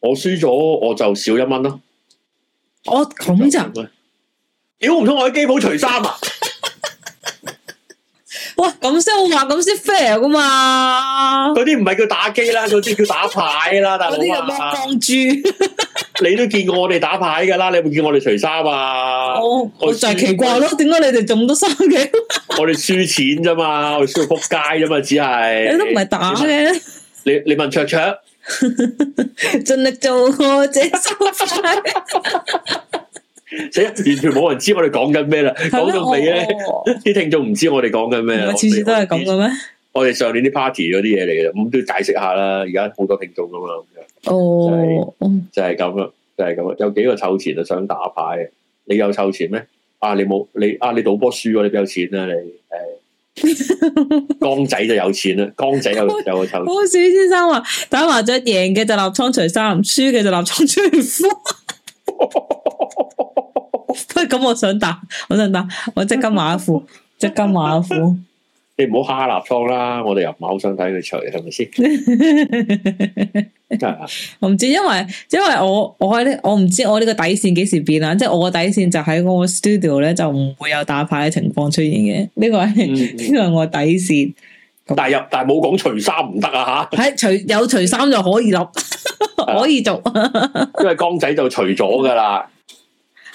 我輸咗我就少一蚊咯。我咁就。屌唔通我喺機鋪除衫啊！ 哇，咁先好話咁先 fair 噶嘛？嗰啲唔係叫打機啦，嗰啲叫打牌啦，大佬啊！嗰啲咩光豬， 你都見過我哋打牌噶啦，你有冇見我哋除衫啊？Oh, 我就係奇怪咯，點 解你哋仲多衫嘅？ 我哋輸錢啫嘛，我哋輸到扑街啫嘛，只係你都唔係打嘅。你問你，你問卓卓，盡 力做我者收 死！完全冇人知我哋講緊咩啦，講到尾咧，啲、哦、聽眾唔知我哋講緊咩。次次都係咁嘅咩？我哋上年啲 party 嗰啲嘢嚟嘅，咁都要解釋下啦。而家好多聽眾噶嘛，咁樣。哦，就係咁咯，就係咁咯。有幾個湊錢就想打牌你有湊錢咩？啊，你冇你啊，你賭波輸啊，你邊有錢啊你？誒、呃， 江仔就有錢啦，江仔有有個湊。好鼠先生話：打麻雀贏嘅就立倉除衫，輸嘅就立倉除褲。咁我想打，我想打，我即金馬褲， 即金馬褲。 你唔好蝦立倉啦，我哋又唔係好想睇佢除，係咪先？係啊，我唔知，因為因為我我呢，我唔知我呢個底線幾時變啦。即、就是、我嘅底線就喺我 studio 咧，就唔會有打牌嘅情況出現嘅。呢個呢個我底線。但係入，但係冇講除衫唔得啊吓。喺除有除衫就可以立， 可以做。 因為江仔就除咗㗎啦。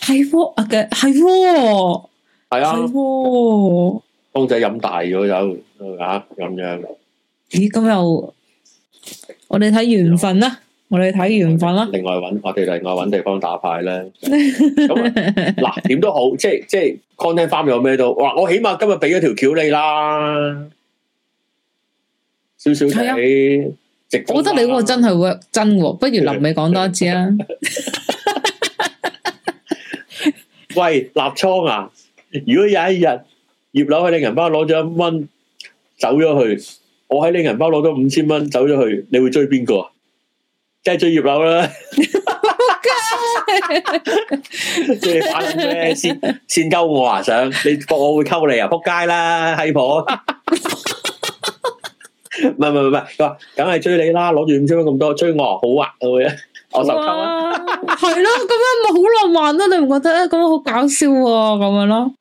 係喎，阿嘅係喎，係啊，係喎，公仔飲大咗有啊，咁樣咦？咁又我哋睇緣分啦，我哋睇緣分啦。我另外揾我哋另外揾地方打牌咧。嗱， 點都好，即係即係 content farm 有咩都，哇！我起碼今日俾咗條橋你啦，少少睇。我覺得你嗰個真係 work 真喎，不如臨尾講多一次啊！ .喂，立倉啊！如果有一日葉柳喺你銀包攞咗一蚊走咗去，我喺你銀包攞咗五千蚊走咗去，你會追邊個？梗係追葉柳啦！即係反咩先？先溝我啊！想你博我會溝你啊！扑街啦，閪婆！唔係唔係唔係，話梗係追你啦！攞住五千蚊咁多，追我好啊！會啊！我手扣啦，係咯，咁樣咪好浪漫咯？你唔覺得？咁樣好搞笑喎，咁樣咯，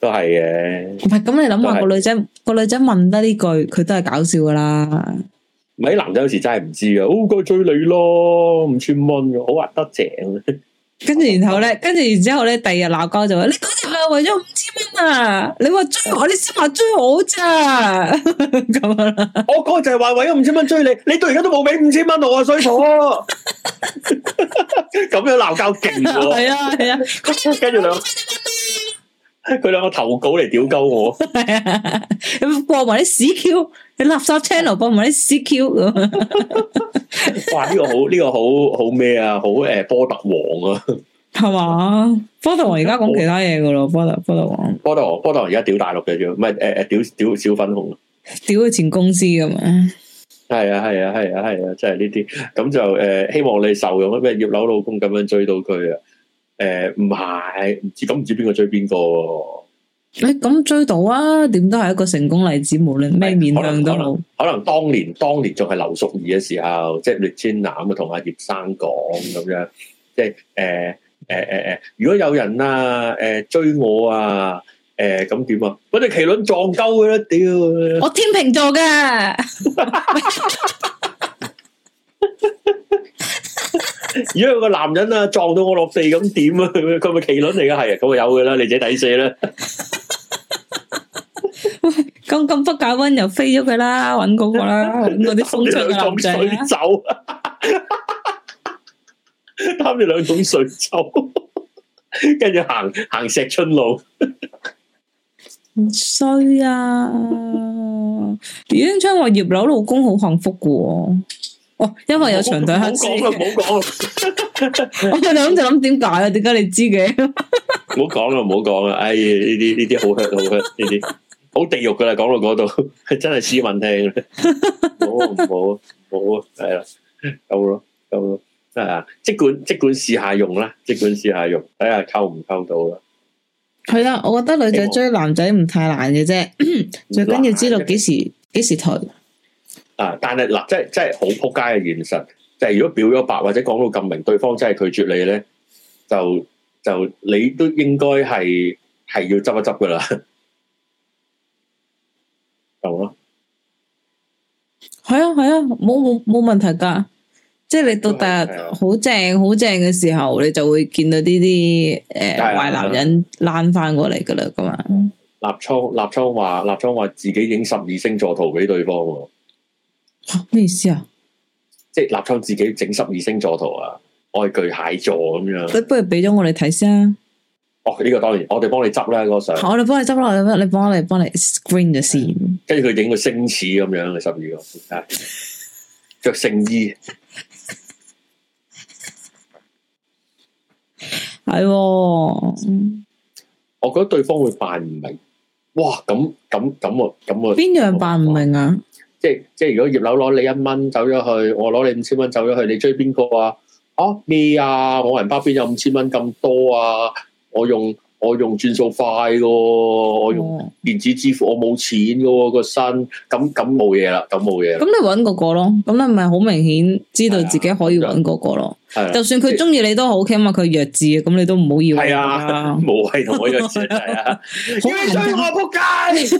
都係嘅。唔係，咁你諗下個女仔，個女仔問得呢句，佢都係搞笑㗎啦。咪啲男仔有時真係唔知啊，好過追你咯，唔算問嘅，好核突正。跟住然後咧，跟、哦、住然之後咧，第二日鬧交就話、哦：你嗰隻咪為咗五千蚊啊！你話追我，哦、你先話追我咋？咁、哦、啦，我哥就係話為咗五千蚊追你，你到而家都冇俾五千蚊我啊，衰婆！」咁樣鬧交勁嘅，係啊係啊，跟住兩。 佢兩個投稿嚟屌鳩我 播埋啲屎 Q，你垃圾 channel 播埋啲屎 Q 咁。哇！呢、這個好，呢、這個好好咩啊？好誒、欸，波特王啊，係嘛？波特王而家講其他嘢噶咯，波特波特王，波特王波特王而家屌大陸嘅啫，唔係誒誒屌屌小粉紅，屌佢前公司咁嘛。係啊係啊係啊係啊，即係呢啲咁就誒、是嗯呃，希望你受用咩葉柳老公咁樣追到佢啊！誒、呃，唔係，唔知咁唔知邊個追邊個、啊，你、欸、咁追到啊？點都係一個成功例子，無論咩面向都好、欸。可能當年當年仲係劉淑儀嘅時候，即係 Regina 咁啊，同阿葉生講咁樣，即係誒誒誒誒，如果有人啊，誒、欸、追我啊，誒咁點啊？我對奇輪撞鳩嘅啦，屌！我天秤座嘅。 如果有個男人啊，撞到我落地咁點啊？佢咪麒麟嚟噶係啊？咁啊有噶啦，你自己抵死啦。咁 咁不解溫又飛咗佢啦，揾嗰個啦，揾嗰啲風趣嘅男仔啊。攞住兩桶水走，攞住兩桶水走，跟住行行石春路。唔 衰啊！已經將我葉柳老公好幸福嘅、啊。哦、因為有長腿黑絲啦，唔好講啦。 我哋諗就諗點解啦？點解你知嘅？唔好講啦，唔好講啦。哎，呢啲呢啲好黑，好黑，呢啲好地獄噶啦。講到嗰度，真係斯文聽，好唔好？好啊，係啦，夠咯，夠咯。啊，即管即管試下用啦，即管試下用，睇下溝唔溝到啦。係啦，我覺得女仔追男仔唔太難嘅啫，最緊要知道幾時幾時台。啊！但係嗱、啊，即係即係好撲街嘅現實，就係如果表咗白或者講到咁明，對方真係拒絕你咧，就就你都應該係係要執一執噶啦，得冇啊？係啊係啊，冇冇冇問題噶，即係你到達好正好、啊、正嘅時候，你就會見到呢啲誒壞男人攋翻過嚟噶啦，咁、嗯、啊！立倉立倉話立倉話自己影十二星座圖俾對方。咩意思啊？即係立倉自己整十二星座圖啊，我係巨蟹座咁樣。你不如俾咗我哋睇先。啊。哦，呢、呢個當然，我哋幫你執啦嗰相。我哋幫你執啦，你幫你幫你 screen 就先。跟住佢影個星矢咁樣嘅十二個，着聖衣係。 我覺得對方會扮唔明。哇，咁咁咁啊，咁我邊樣扮、啊、唔明啊？即係即係，如果葉劉攞你一蚊走咗去，我攞你五千蚊走咗去，你追邊個啊？哦，咩啊？我銀、啊、包邊有五千蚊咁多啊？我用我用轉數快嘅，我用電子支付，我冇錢嘅個身，咁咁冇嘢啦，咁冇嘢。咁你搵嗰個咯，咁你唔係好明顯知道自己可以搵嗰個咯、啊啊啊？就算佢中意你都好，OK，因為佢弱智嘅，咁你都唔好要，要。係啊，冇謂同佢弱智啊！ 是啊 啊追我扑街，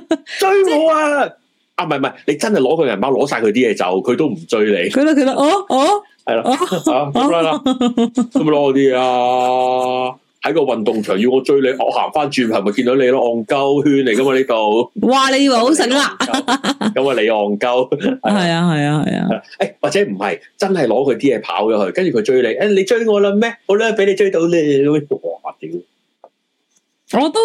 追我啊！ 啊，唔係唔係，你真係攞佢銀包，攞晒佢啲嘢走，佢都唔追你。佢啦佢啦，哦哦，係啦、哦，啊咁啦啦，咁咪攞我啲啊！喺個運動場要我追你，我行翻轉係咪見到你咯？戇鳩圈嚟噶嘛呢度？哇，你以為好醒啦？咁啊，嗯、你戇鳩係啊係啊係啊！誒、 哎，或者唔係真係攞佢啲嘢跑咗去，跟住佢追你，誒，你追我啦咩？我咧俾你追到你咁樣，哇屌！我都。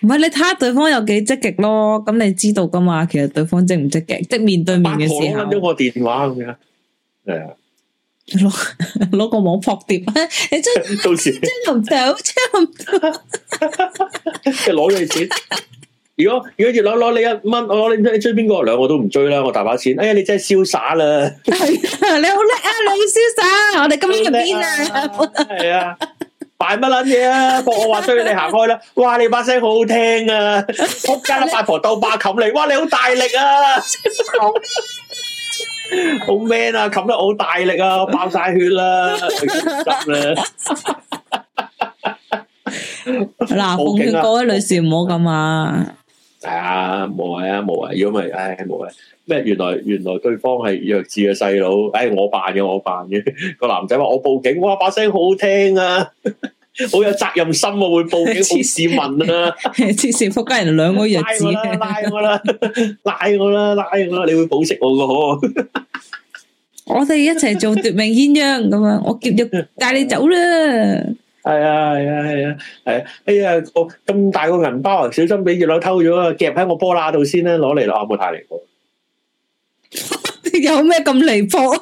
唔係你睇下對方有幾積極咯，咁你知道噶嘛？其實對方積唔積極，即係面對面嘅時候。八毫蚊一個電話咁樣，係啊，攞 攞個網撲碟咧，你追到時追 唔到，追唔到，即係攞你錢。如果如果要攞攞你一蚊，我攞你你追邊個兩個，我都唔追啦。我大把錢。哎呀，你真係瀟灑啦！ 你好叻啊，你瀟灑。 我哋今日入邊啊？係啊。擺乜撚嘢啊！我話需要你行開啦！哇，你把聲好好聽啊！仆街啦，八婆鬥霸冚你！哇，你好大力啊！好、 oh、man 啊，冚得好大力啊，我爆晒血啦，心啦！嗱，奉勸各位女士唔好咁啊！係、哎、啊，無謂啊，無謂，如果唔係，唉、哎，無謂。咩？原來原來對方係弱智嘅細佬，唉、哎，我扮嘅，我扮嘅。個男仔話我報警。哇，把聲好聽啊，好有責任心啊，會報警，好市民啊。黐線仆街人兩個弱智、啊，拉我啦，拉我啦，拉我啦，拉我啦，你會保釋我嘅可？我哋一齊做奪命鴛鴦咁啊，我劫咗，帶你走啦。係啊係啊係啊，啊,啊,啊。哎呀，我咁大個銀包啊，小心俾月佬偷咗啊！夾喺我波乸度先啦，攞嚟咯，冇太離譜。有咩咁離譜？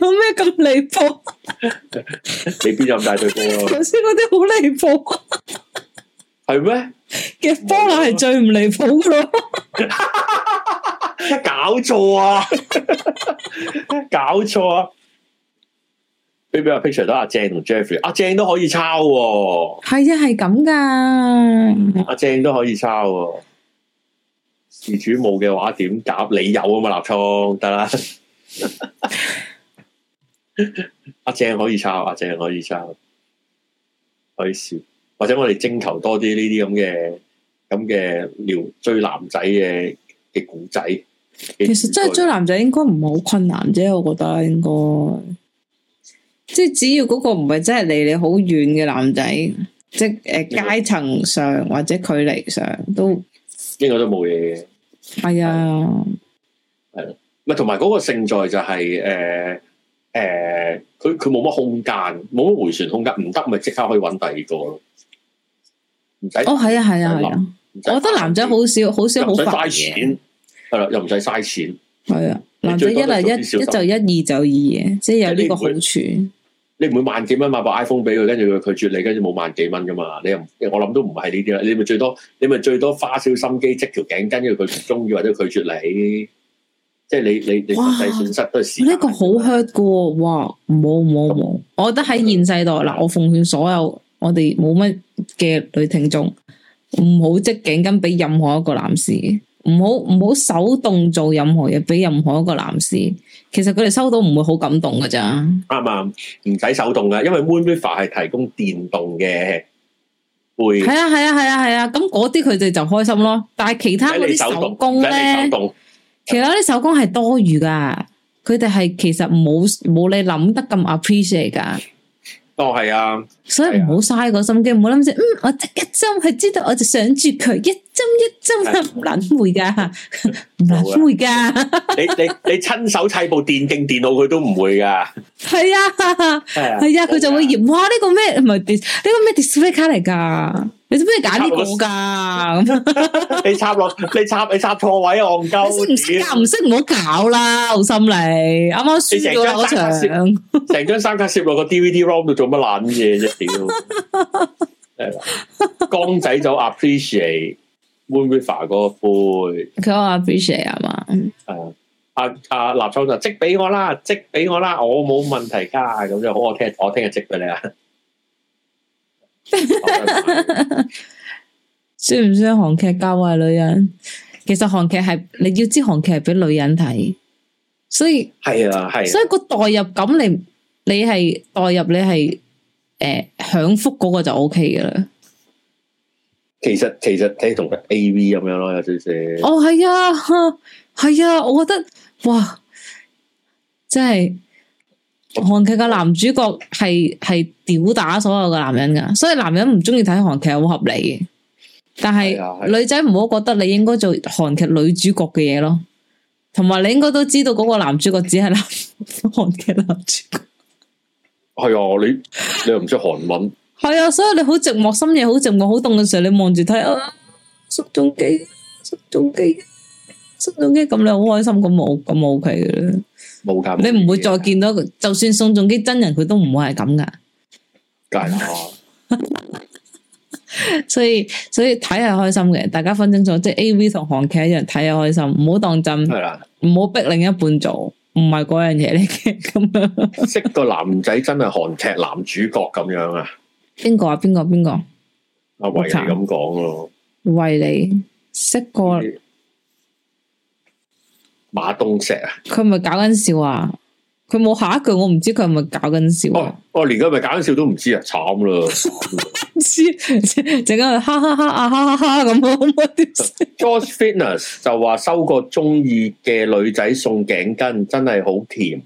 有咩咁離譜？ 麼麼 你邊有咁大對波啊？頭先嗰啲好離譜，係 咩？夾波乸係最唔離譜噶咯一搞錯啊！ 一搞錯啊！B B 阿 Picture 都阿鄭同 Jeffrey，阿鄭都可以抄，哦，係啊，係咁噶。阿鄭都可以抄，哦，事主冇嘅話點搞？你有啊嘛，立衝得啦。啊、 阿鄭可以抄，阿鄭可以抄，可以笑。或者我哋徵求多啲呢啲咁嘅咁嘅撩追男仔嘅嘅古仔。其實真係追男仔應該唔係好困難啫，我覺得應該。即係只要嗰個唔係真係離你好遠嘅男仔，即係誒階層上或者距離上都，應該都冇嘢嘅。係啊，係咯，啊，係同埋嗰個勝在就係誒誒，佢佢冇乜空間，冇乜回旋空間，唔得咪即刻可以揾第二個咯，唔使。哦，係啊，係啊，係啊，我啊，我覺得男仔好少，好少好快嘅。係啦，又唔使嘥錢。係啊，啊，男仔一嚟，一，一就一，二就二嘅，即係有呢個好處。你唔會萬幾蚊買部 iPhone 俾佢，跟住佢拒絕你，跟住冇萬幾蚊噶嘛？你又我諗都唔係呢啲啦，你咪最多，你咪最多花少心機織條頸巾，跟住佢中意或者拒絕你，即係你你你實際損失都係時間。呢個好 hurt 噶，哇！冇冇冇，我覺得喺現世代嗱，我奉勸所有我哋冇乜嘅女聽眾，唔好織頸巾俾任何一個男士，唔好唔好手動做任何嘢，俾任何一個男士，其實佢哋收到唔會好感動噶咋？啱啊，唔使手動噶，因為 Moon River 係提供電動嘅背。係啊係啊係啊係啊，咁嗰啲佢哋就開心咯。但係其他嗰啲手工咧，其他啲手工係多餘噶，佢哋係其實冇冇你諗得咁 appreciate 噶。都、哦、係啊，啊，所以唔好嘥個心機，唔好諗住，嗯，我一針佢知道，我就想住佢一針一針，佢唔捻會噶，唔捻會噶。你你你親手砌部電競電腦，佢都唔會噶。係啊，係啊，佢、啊啊、就會嫌、啊，哇！呢、這個咩唔係呢個咩 display 卡嚟噶？你做咩揀呢個架？ 你插落，你插，你插錯位，憨鳩。 你識唔識教？唔識唔好搞啦，好心你啱啱輸咗場。成張衫架攝落個 DVD ROM 度做乜爛嘢啫？屌！ 江仔就 Appreciate Moon River 嗰個杯，佢話 Appreciate 係嘛？係啊，阿阿立創就即俾我啦，即俾我啦，我冇問題噶。咁就好，我聽，我聽日即俾你啦 算唔算韓劇教壞女人？其實韓劇係你要知韓劇係俾女人睇，所以係啦，係啊、係啊、所以個代入感你你係代入你係誒、呃、享福嗰個就 O K 嘅啦。其實其實睇同 A V 咁樣咯，有少少。哦係啊，係啊，我覺得哇，即係。韓劇嘅男主角係係屌打所有嘅男人噶，所以男人唔中意睇韓劇係好合理嘅。但係女仔唔好覺得你應該做韓劇女主角嘅嘢咯，同埋你應該都知道嗰個男主角只係男韓劇男主角。係啊，你你又唔識韓文？係 啊，所以你好寂寞，深夜好寂寞，好凍嘅時候你望住睇啊，宋仲基、宋仲基、宋仲基，咁你好開心，咁冇咁冇期嘅。你唔會再見到，就算宋仲基真人，佢都唔會係咁噶。係咯。所以所以睇係開心嘅，大家分清楚，即係 AV 同韓劇一樣睇係開心，唔好當真。係啦。唔好逼另一半做，唔係嗰樣嘢嚟嘅。咁樣識個男仔真係韓劇男主角咁樣啊？邊個啊？邊個邊個？阿維尼咁講咯。維尼識過。馬東石啊！佢係咪搞緊笑啊？佢冇下一句，我唔知佢係咪搞緊笑、啊。哦哦，連佢係咪搞緊笑都唔知啊！慘啦，唔 知、 啊，陣間哈哈哈啊哈哈哈咁咯，咁啲、啊。 George Fitness 就話收過中意嘅女仔送頸巾，真係好甜。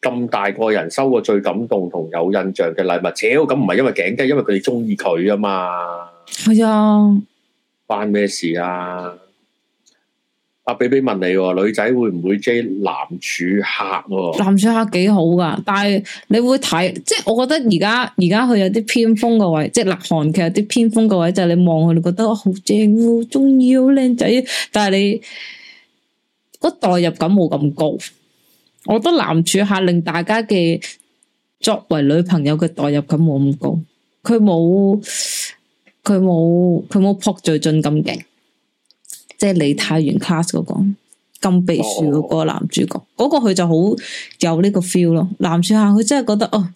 咁大個人收過最感動同有印象嘅禮物，屌咁唔係因為頸巾，因為佢哋中意佢啊嘛。係、哎、啊，關咩事啊？阿、啊、比比問你，女仔會唔會追男主角？男主角幾好噶但係你會睇，即係我覺得而家而家佢有啲偏鋒嘅位，即係立韓劇有啲偏鋒嘅位，就係、是、你望佢，你覺得好正，好中意，好靚仔，但係你個代入感冇咁高。我覺得男主角令大家嘅作爲女朋友嘅代入感冇咁高，佢冇佢冇佢冇撲最盡咁勁。即係梨泰院 class 嗰、那個金秘書嗰個男主角，嗰、oh. 個佢就好有呢個 feel 咯。男主角佢真係覺得哦，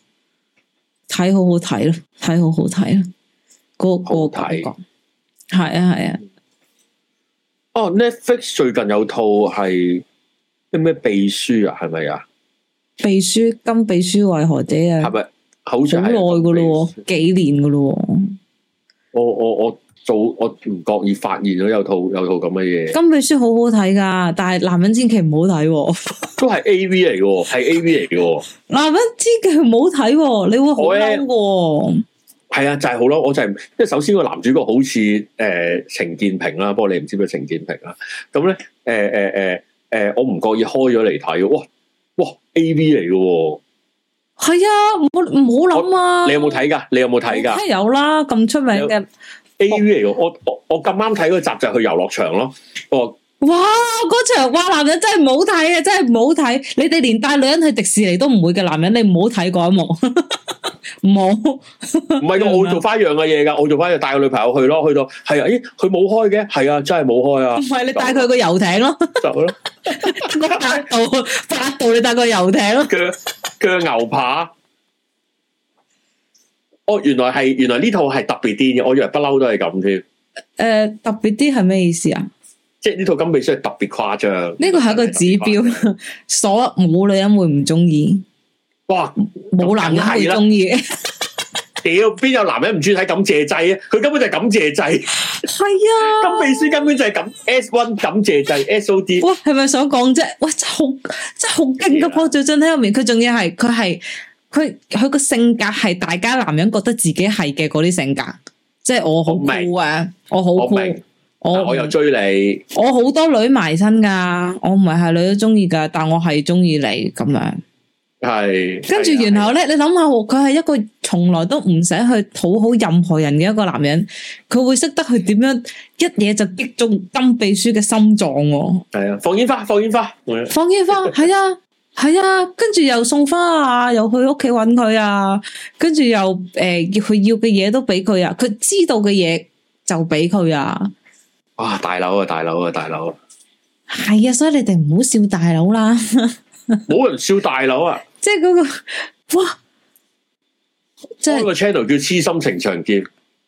睇好好睇咯，睇好好睇咯，嗰、那個感覺係啊係啊。哦、啊 oh，Netflix 最近有套係啲咩秘書啊，係咪啊？秘書金秘書為何者啊？係咪？好似好耐噶咯，幾年噶咯。我我我。做我唔覺意發現咗有套有套咁嘅嘢，金秘書很好好睇噶，但係男人千祈唔好睇，哦， 都係 A V 嚟嘅，係 A V 嚟嘅。男人千祈唔好睇，哦，你會好嬲嘅。係啊，就係好嬲，我就係、是，即係首先個男主角好似誒、呃、程建平啦、啊，不過你唔知咩程建平啦、啊。咁咧，誒誒誒誒，我唔覺意開咗嚟睇，哇哇 A V 嚟嘅，係、哦、啊，唔好唔好諗啊！你有冇睇噶？你有冇睇噶？有啦，咁出名嘅。A V 嚟，我我咁啱睇個集就去遊樂場咯。哦，哇，嗰場哇，男人真係唔好睇啊，真係唔好睇。你哋連帶女人去迪士尼都唔會嘅男人，你唔好睇嗰一幕。唔好。唔係我會做返一樣嘅嘢㗎，我做返帶個女朋友去咯，去到係啊，咦，佢冇開嘅，係啊，真係冇開啊。唔係你帶佢去個遊艇咯，就咯。我八度八度，你帶佢去遊艇咯，鋸鋸 牛扒。 哦，原來係原來呢套係特別啲嘅，我以為不嬲都係咁添。誒、呃，特別啲係咩意思啊？即係呢套金秘書係特別誇張。呢個係一個指標，所冇女人會唔中意。哇，冇男人會中意。屌，邊 有男人唔中意睇感謝祭啊？佢根本就係感謝祭。係啊， 金秘書根本就係感 S one 感謝祭 S O D。哇，係咪想講啫？哇，真係好真係好勁嘅 project 真喺入面。佢仲要係佢係。佢佢個性格係大家男人覺得自己係嘅嗰啲性格，即係我好孤啊，我好孤，我我有追你，我好多女埋身噶，我唔係係女都中意噶，但我係中意你咁樣。係、啊，跟住然後咧、啊啊，你諗下，佢係一個從來都唔使去討好任何人嘅一個男人，佢會識得去點樣一嘢就擊中金秘書嘅心臟、啊。係啊，放煙花，放煙花，放煙花，係 啊。 係啊，跟住又送花啊，又去屋企揾佢啊，跟住又誒，佢要嘅嘢都俾佢啊，佢知道嘅嘢就俾佢啊。哇，大佬啊，大佬啊，大佬。係啊，所以你哋唔好笑大佬啦。冇 人笑大佬啊！即係嗰個哇，即係我個 channel 叫《痴心情長劍》。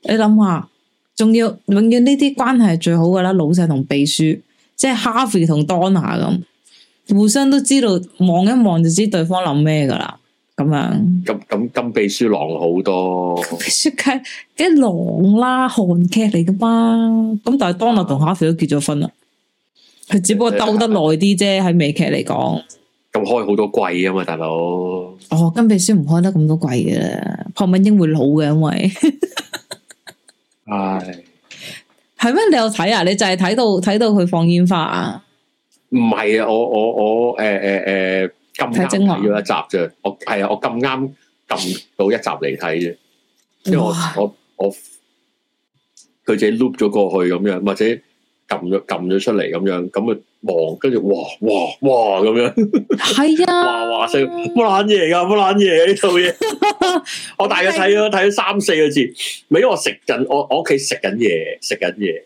你諗下，仲要永遠呢啲關係最好噶啦，老細同秘書，即係 Harvey 同 Donna 咁。互相都知道，望一望就知對方諗咩噶啦，咁樣。咁咁金秘書狼好多。金秘書劇梗係狼啦、啊，韓劇嚟噶嘛。咁但係當日同哈佛都結咗婚啦，佢只不過鬥得耐啲啫。喺、啊、美劇嚟講，咁開好多季啊嘛，大佬。哦，金秘書唔開得咁多季嘅，朴敏英會老嘅，因 為、哎。唉，係咩？你有睇啊？你就係睇到睇到佢放煙花啊？唔係啊！我我我誒誒誒，咁啱睇咗一集啫。我係啊，我咁啱撳到一集嚟睇啫。即係我我我佢自己碌咗過去咁樣，或者撳咗撳咗出嚟咁樣，咁啊望，跟住哇哇哇咁樣。係啊，哇哇聲，冇撚嘢噶，冇撚嘢呢套嘢。啊、 東 我大概睇咗睇咗三四個字，咪我食緊，我我屋企食緊嘢，食緊嘢。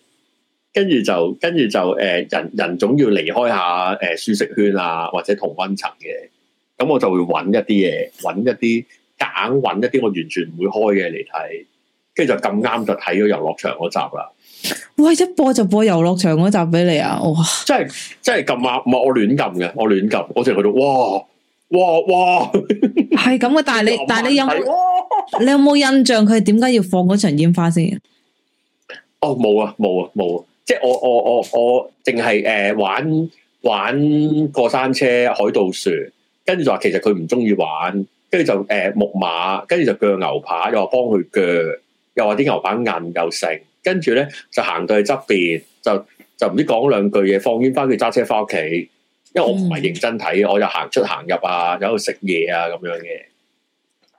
跟住就，跟住就，誒，人人總要離開一下誒舒適圈啊，或者同溫層嘅，咁我就會揾一啲嘢，揾一啲夾硬揾一啲我完全唔會開嘅嚟睇，跟住就咁啱就睇咗遊樂場嗰集啦。喂，一播就播遊樂場嗰集俾你啊！Oh. 啊哇，真係真係咁啱唔係我亂撳嘅，我亂撳，我淨係覺得哇哇哇，係咁嘅。但係你 但係你，你有冇 你有冇印象佢點解要放嗰場煙花先？哦、oh，冇啊，冇啊，冇啊！即係我我我我淨係誒玩玩過山車、海盜船，跟住就話其實佢唔中意玩，跟住就誒、呃、木馬，跟住就鋸牛扒，又話幫佢鋸，又話啲牛扒硬又剩，跟住咧就行到去側邊，就就唔知講兩句嘢，放煙花，去揸車翻屋企，因為我唔係認真睇、嗯，我又行出行入啊，喺度食嘢啊咁樣嘅。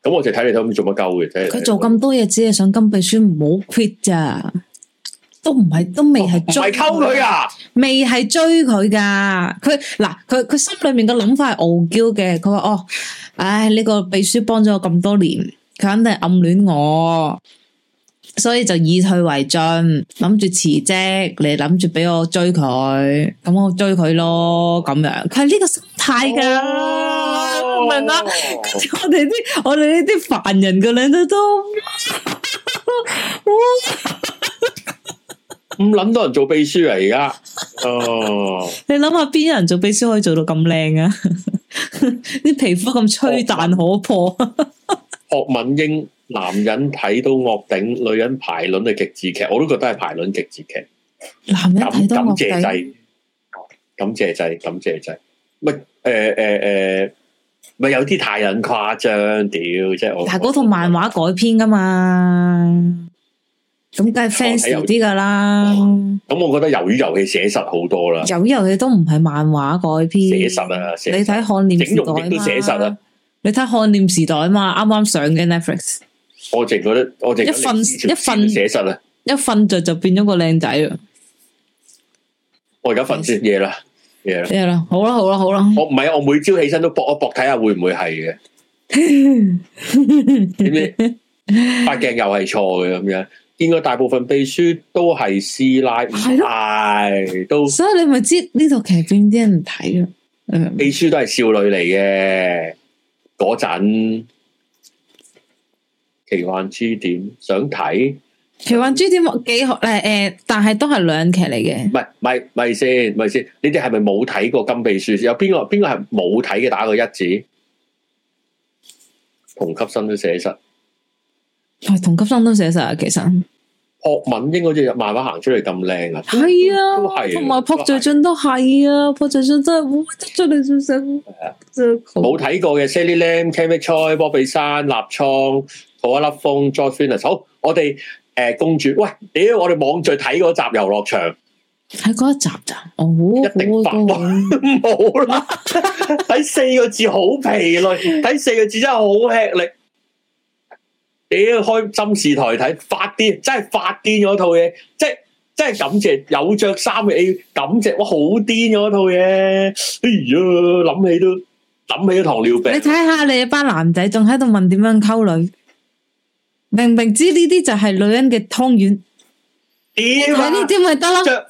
咁我就睇你喺邊做乜鳩嘅啫。佢做咁多嘢，只係想金秘書，唔好 quit 咋。都唔係，都未係追，未係溝女啊！未係追佢噶，佢嗱佢佢心裏面個諗法係傲嬌嘅，佢話哦，唉、哎、呢、這個秘書幫咗我咁多年，佢肯定暗戀我，所以就以退為進，諗住辭職，你諗住俾我追佢，咁我追佢咯，咁樣佢係呢個心態噶，明、哦、嗎？跟住、哦、我哋啲我哋呢啲凡人嘅女仔都。 咁諗多人做秘書啊，而家哦！ 你諗下邊有人做秘書可以做到咁靚啊？啲 皮膚咁吹彈可破。霍敏英，男人睇到惡頂，女人排卵嘅極致劇，我都覺得係排卵極致劇。男人睇到。感謝祭，感謝祭，感謝祭。咪誒誒誒，咪、呃呃呃呃、有啲太人誇張，屌即係我。但係嗰套漫畫改編噶嘛？咁梗係 fans 啲㗎啦，咁、哦、我覺得魷魚遊戲寫實好多啦，魷魚遊戲都唔係漫畫改編，寫實啊！你睇《看臉時代》嘛，寫實你睇《看臉時代》啊嘛，啱啱上嘅 Netflix，我淨覺得我淨一瞓一瞓寫實啊，一瞓着就變咗個靚仔啊！我而家瞓先，夜啦，夜啦，好啦，好啦，好啦，我唔係我每朝起身都搏一搏看看會會，睇下會唔會係嘅，點解？發鏡又係錯嘅咁樣。 見過大部分秘書都係師奶，係、哎、都。所以你咪知呢套劇邊啲人睇咯？秘書都係少女嚟嘅。嗰陣奇幻之點想睇奇幻之點幾好？誒、呃、誒，但係都係女人劇嚟嘅。唔係唔係咪先咪先，你哋係咪冇睇過《金秘書》有？有邊個邊個係冇睇嘅？打個一字，同級生都寫實。同級生都寫晒，啊，其實。霍敏英嗰隻慢慢行出嚟，咁靚啊，係啊，同埋朴在俊都係啊，朴在俊真係，哇，出咗嚟真想。冇睇過嘅 Silly Name Kim Hye Choi、Bobbi San 立倉、好一粒風、George Venus 好，我哋誒公主，喂，屌，我哋網聚睇嗰集遊樂場，睇嗰一集咋，哦，一定發夢，冇啦，睇四個字好疲累，睇四個字真係好吃力。你開心視台睇，發癲真係發癲嗰套嘢，即係即係感謝有着衫嘅感謝哇好癲嗰套嘢。哎呀，諗起都諗起都糖尿病。你睇下你班男仔仲喺度問點樣溝女，明明知呢啲就係女人嘅湯圓，睇呢啲咪得咯。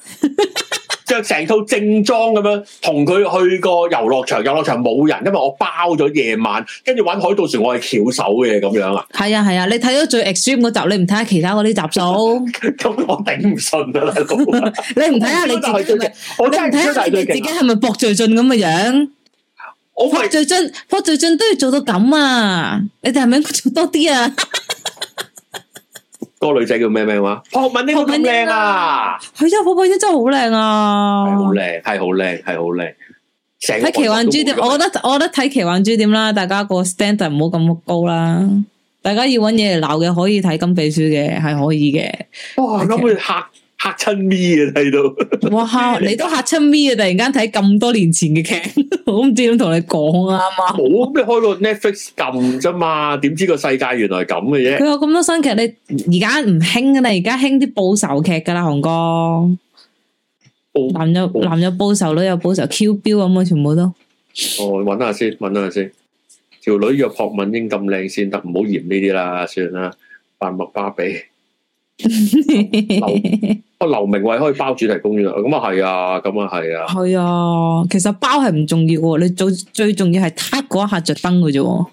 着成套正裝咁樣，同佢去個遊樂場。遊樂場冇人，因為我包咗夜晚，跟住玩海盜船，我係翹手嘅咁樣啊。係啊，係啊，你睇咗最 extreme 嗰集，你唔睇下其他嗰啲集數？咁 我頂唔順啦，你唔睇下你，我真係睇下自己係咪博最盡咁嘅樣？我最盡，博最盡都要做到咁啊！你哋係咪應該做多啲啊？ 個女仔叫咩名話？何、哦、敏呢好咁靚啊！佢啊，何佩英真係好靚啊！係好靚，係好靚，係好靚。成奇幻珠點？我覺得我覺得睇奇幻珠點啦。大家個 standard 就唔好咁高啦。大家要揾嘢嚟鬧嘅，可以睇金秘書嘅，係可以嘅。哇、哦！咁會吓。吓親咩啊睇到？ 哇！你都吓親咩啊？突然間睇咁多年前嘅劇，我唔知點同你講啊嘛。冇，咁你開個 Netflix 撳啫嘛？點 知個世界原來咁嘅嘢？佢有咁多新劇，你而家唔興噶啦？你而家興啲報仇劇噶啦，紅哥。Oh, oh. 男有男有報仇，女有報仇，Q 標咁啊，全部都。哦，揾下,下先，揾下先。條女約朴敏英咁靚先得，唔好嫌呢啲啦，算啦，扮麥巴比。我 劉明慧可以包主題公園啊，咁啊係啊，咁啊係啊，係啊，其實包係唔重要，你最最重要係撻嗰一下着燈嘅啫。哦，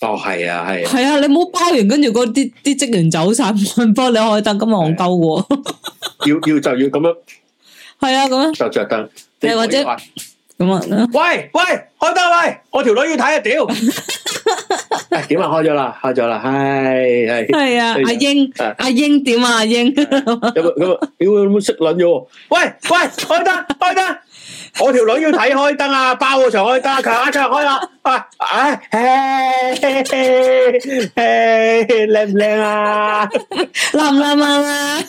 係啊，係、啊。係啊，你冇包完，跟住嗰啲啲職員走晒，唔幫你開燈，咁啊憨鳩嘅。要要就要咁樣，係 啊，咁樣就着燈，或者。或者咁啊！喂喂，開燈喂，我條女要睇啊！屌，點啊？開咗啦，開咗啦，係係係啊！阿英，阿英點啊？阿英，咁啊咁啊！屌，咁識撚嘅喎！喂喂，開燈開燈，我條女要睇開燈啊！包個床開燈啊！強啊強，開啦！喂，哎，嘿，嘿，嘿，靚唔靚啊？靚唔靚啊？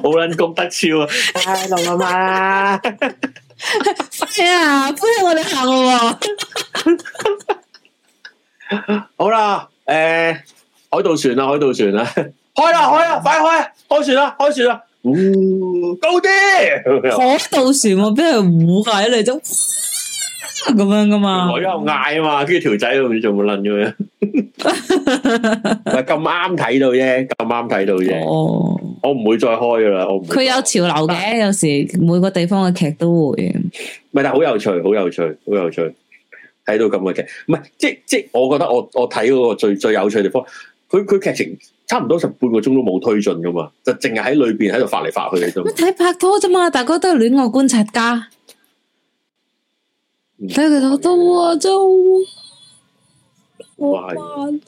好撚功德超啊！唉，龍媽媽啊，歡迎啊，歡迎我哋行路！好啦，誒，海盜船啊，海盜船啊，開啦，開啦，快開，開船啦，開船啦，嗚，高啲！海盜船我邊係虎蟹嚟啫。咁樣噶嘛，嘛？ oh, 我喺嗌啊嘛，跟住條仔咁樣做乜捻咁樣？唔係咁啱睇到啫，咁啱睇到啫。我唔會再開噶啦，我佢有潮流嘅，有時每個地方嘅劇都會。唔係，但係好有趣，好有趣，好有趣。睇到咁嘅劇，唔係即即，我覺得我我睇嗰個最最有趣嘅地方，佢佢劇情差唔多十半個鐘都冇推進噶嘛，就淨係喺裏邊喺度發嚟發去嘅啫。睇拍拖啫嘛，大哥都係戀愛觀察家。睇佢攞刀啊，真好慢！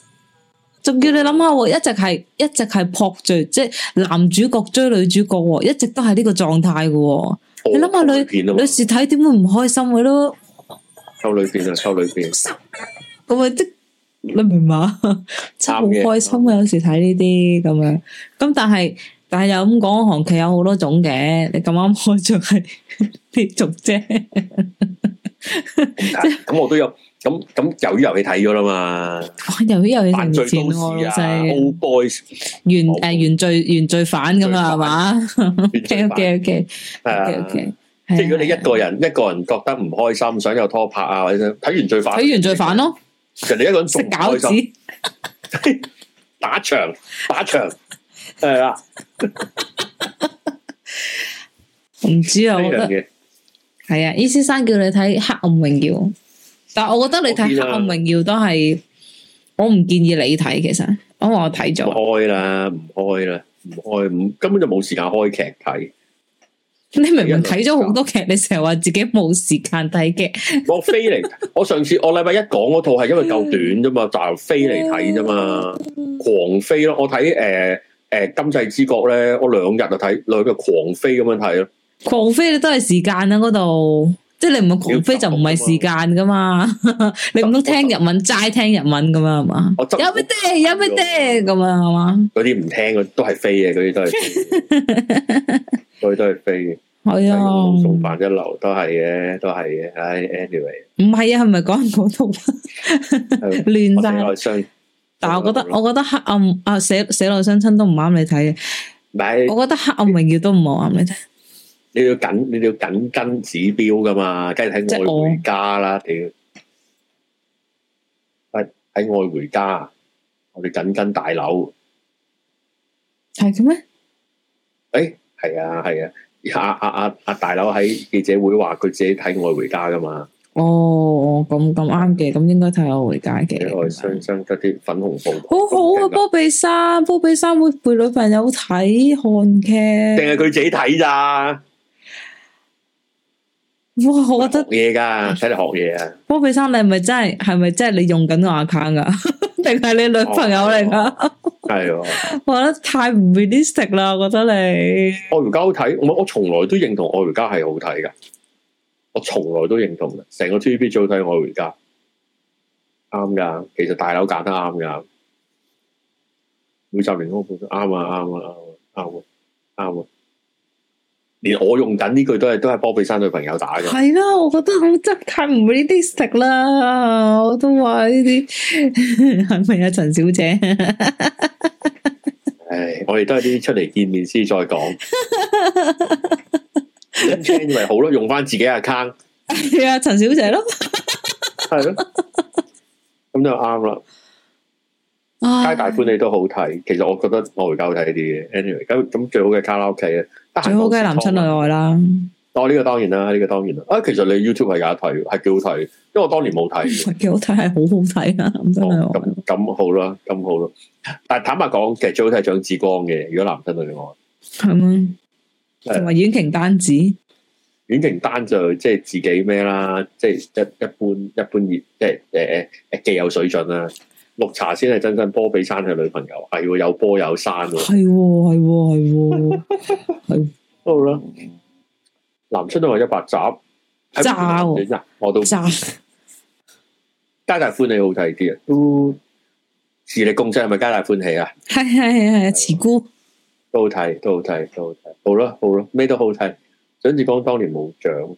仲叫你諗下，一直係一直係撲住，即係男主角追女主角，一直都係呢個狀態嘅。你諗下女女視睇點會唔開心嘅咯？抽女片啊，抽女片！咁啊，即你明嘛？真好開心啊！有時睇呢啲咁樣，咁但係但係又咁講，韓劇有好多種嘅。你咁啱開著係呢種啫。咁、 啊，我都有咁咁、哦。由於遊戲睇咗啦嘛，由於遊戲成件事啊 Old Boys 原誒原罪原罪犯咁 Okay, okay, okay. okay, okay, okay .啊，係嘛？O K O K 係啊，O K。即係如果你一個人 一個人覺得唔開心，想有拖拍啊，或者睇完罪犯，睇完罪犯咯、啊。人哋一個人仲開心， 打場打場係啦。唔 是吧 知啊。係啊，E 先生叫你睇《黑暗榮耀》，但係我覺得你睇《黑暗榮耀》都係，我唔建議你睇其實我，因為我睇咗開啦，唔開啦，唔開，唔根本就冇時間開劇睇。你明明睇咗好多劇，你成日話自己冇時間睇劇。 我飛嚟，我上次我禮拜一講嗰套係因為夠短啫嘛，就 飛嚟睇啫嘛，狂飛咯！我睇誒誒《今、呃呃、世之國》咧，我兩日就睇兩日狂飛咁樣睇咯。狂飛你都係時間啊！嗰度即係你唔係狂飛就唔係時間噶嘛？你唔通聽日文齋聽日文咁啊？係嘛？有咩爹？有咩爹？咁、 嗯哎 anyway，啊？係嘛？嗰啲唔聽，都係飛嘅，嗰啲都係，嗰啲都係飛嘅。係啊，中辦一流都係嘅，都係嘅。唉，anyway，唔係啊，係咪講講到亂晒？但係我覺得，我覺得黑暗啊，寫寫來相親都唔啱你睇嘅。唔係，我覺得黑暗榮耀都唔好啱你睇。你要緊，你要緊跟指標噶嘛？梗係睇愛回家啦，屌！喂，睇愛回家，我哋緊跟大佬，係嘅咩？誒、欸，係啊，係啊！阿阿阿阿大佬喺記者會話佢自己睇愛回家噶嘛？哦，咁咁啱嘅，咁應該睇愛回家嘅。外雙雙得啲粉紅褲，好好啊！波比三，波比三會陪女朋友睇韓劇，定係佢自己睇咋？哇我覺得嘢噶，睇你學嘢啊！波比生，你係咪真係？係咪真係你用緊我的 account 噶？定 係你女朋友嚟噶？係、哦、咯，我覺得太唔 realistic 啦！我覺得你《愛回家》好、嗯、睇，我我從來都認同《愛回家》係好睇噶，我從來都認同，成個 TVB 最好睇《愛回家》。啱噶，其實大佬揀得啱噶，每集員工都啱啊！啱啊！啱啊！啱啊！啱啊！連我用緊呢句都係都係波比山女朋友打嘅。係啦，我覺得好真太唔 respect 啦，我都話呢啲係咪啊，陳小姐？ 唉，我哋都係啲出嚟見面先再講 change 咪好咯，用翻自己 account 係啊，陳小姐咯，係 咯、啊，咁就啱啦。皆大歡喜你都好睇，哎，其實我覺得我而家好睇啲嘅。Anyway，咁咁最好嘅卡拉 OK 咧，啊，最好嘅係《男親女愛》啦。哦呢個當然啦，呢、這個當然。啊，其實你 YouTube 係有睇，係幾好睇。因為我當年冇睇。幾好睇係好好睇，男親女愛，哦、好睇啊！真係。咁咁好啦，咁好啦。但坦白講，其實最好睇係蔣志光嘅。如果男《男親女愛》係咪，啊？同埋阮瓊丹子。阮瓊丹就即係自己咩啦？即、就、係、是、一一般一般即係誒誒，既有水準啦。綠茶先係真真波比山嘅女朋友，係、哎、有波有山啊！係係係，好啦，林春都話一百集，渣我都渣，加大歡喜好睇啲啊！都視力共振係咪加大歡喜啊？係係係，慈姑都好睇，都好睇，都好睇，好啦好啦，咩都好睇，想住講當年冇獎，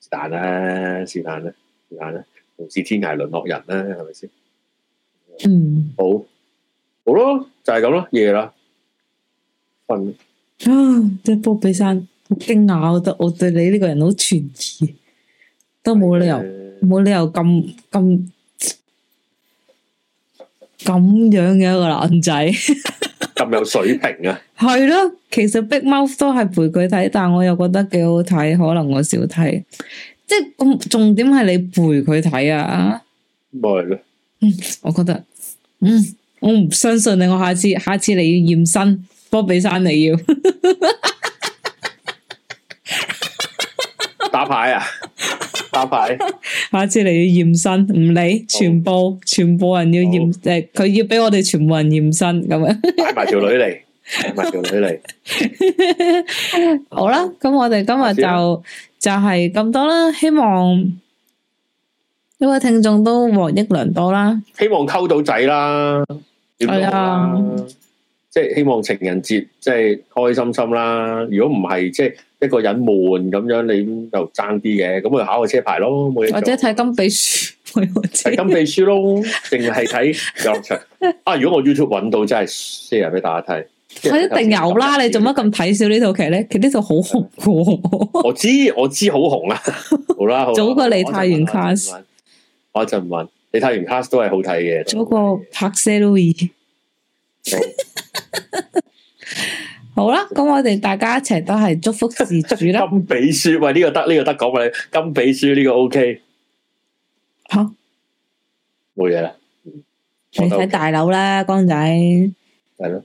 是但啦，是但啦，是但啦，同是天涯淪落人啦，係咪先？嗯，好，好咯，就係咁咯，夜啦，瞓啊，即係波比山，好驚訝，我覺得我對你呢個人好存疑，都冇理由，冇理由咁咁咁樣嘅一個男仔咁有水平啊，係咯，其實 Big Mouth 都係陪佢睇，但我又覺得幾好睇，可能我少睇，即係咁重點係你陪佢睇啊，咪咯，嗯，我覺得。嗯，我唔相信你，我下次下次你要驗身，波比山你要 打牌啊，打牌，下次你要驗身，唔理，全部全部人要驗，誒，佢、呃、要俾我哋全部人驗身咁樣，帶埋條女嚟，帶埋條女嚟，好啦，咁我哋今日就就係咁多啦，希望，各位聽眾都獲益良多啦，希望溝到仔啦，係、哎、啊、哎，即係希望情人節即係開心心啦。如果唔係，即係一個人悶咁樣，你就爭啲嘅，咁去考個車牌咯，或者睇金秘書，睇金秘書咯，淨係睇遊樂場啊！如果我 YouTube 搵到，真係 share 俾大家睇，我一定有啦。你做乜咁睇小呢套劇咧？其實呢套好紅噶，我知我知好紅、啊，好紅啦, 啦，好啦，早過你太完 cast。我一陣問你睇完 cast 都係好睇嘅，嗰個拍攝，好啦，咁我哋大家一齊都係祝福事主啦。金秘書喂，呢個得呢個得講啊，金秘書呢個 OK，好冇嘢啦，你睇大樓啦，光仔係咯。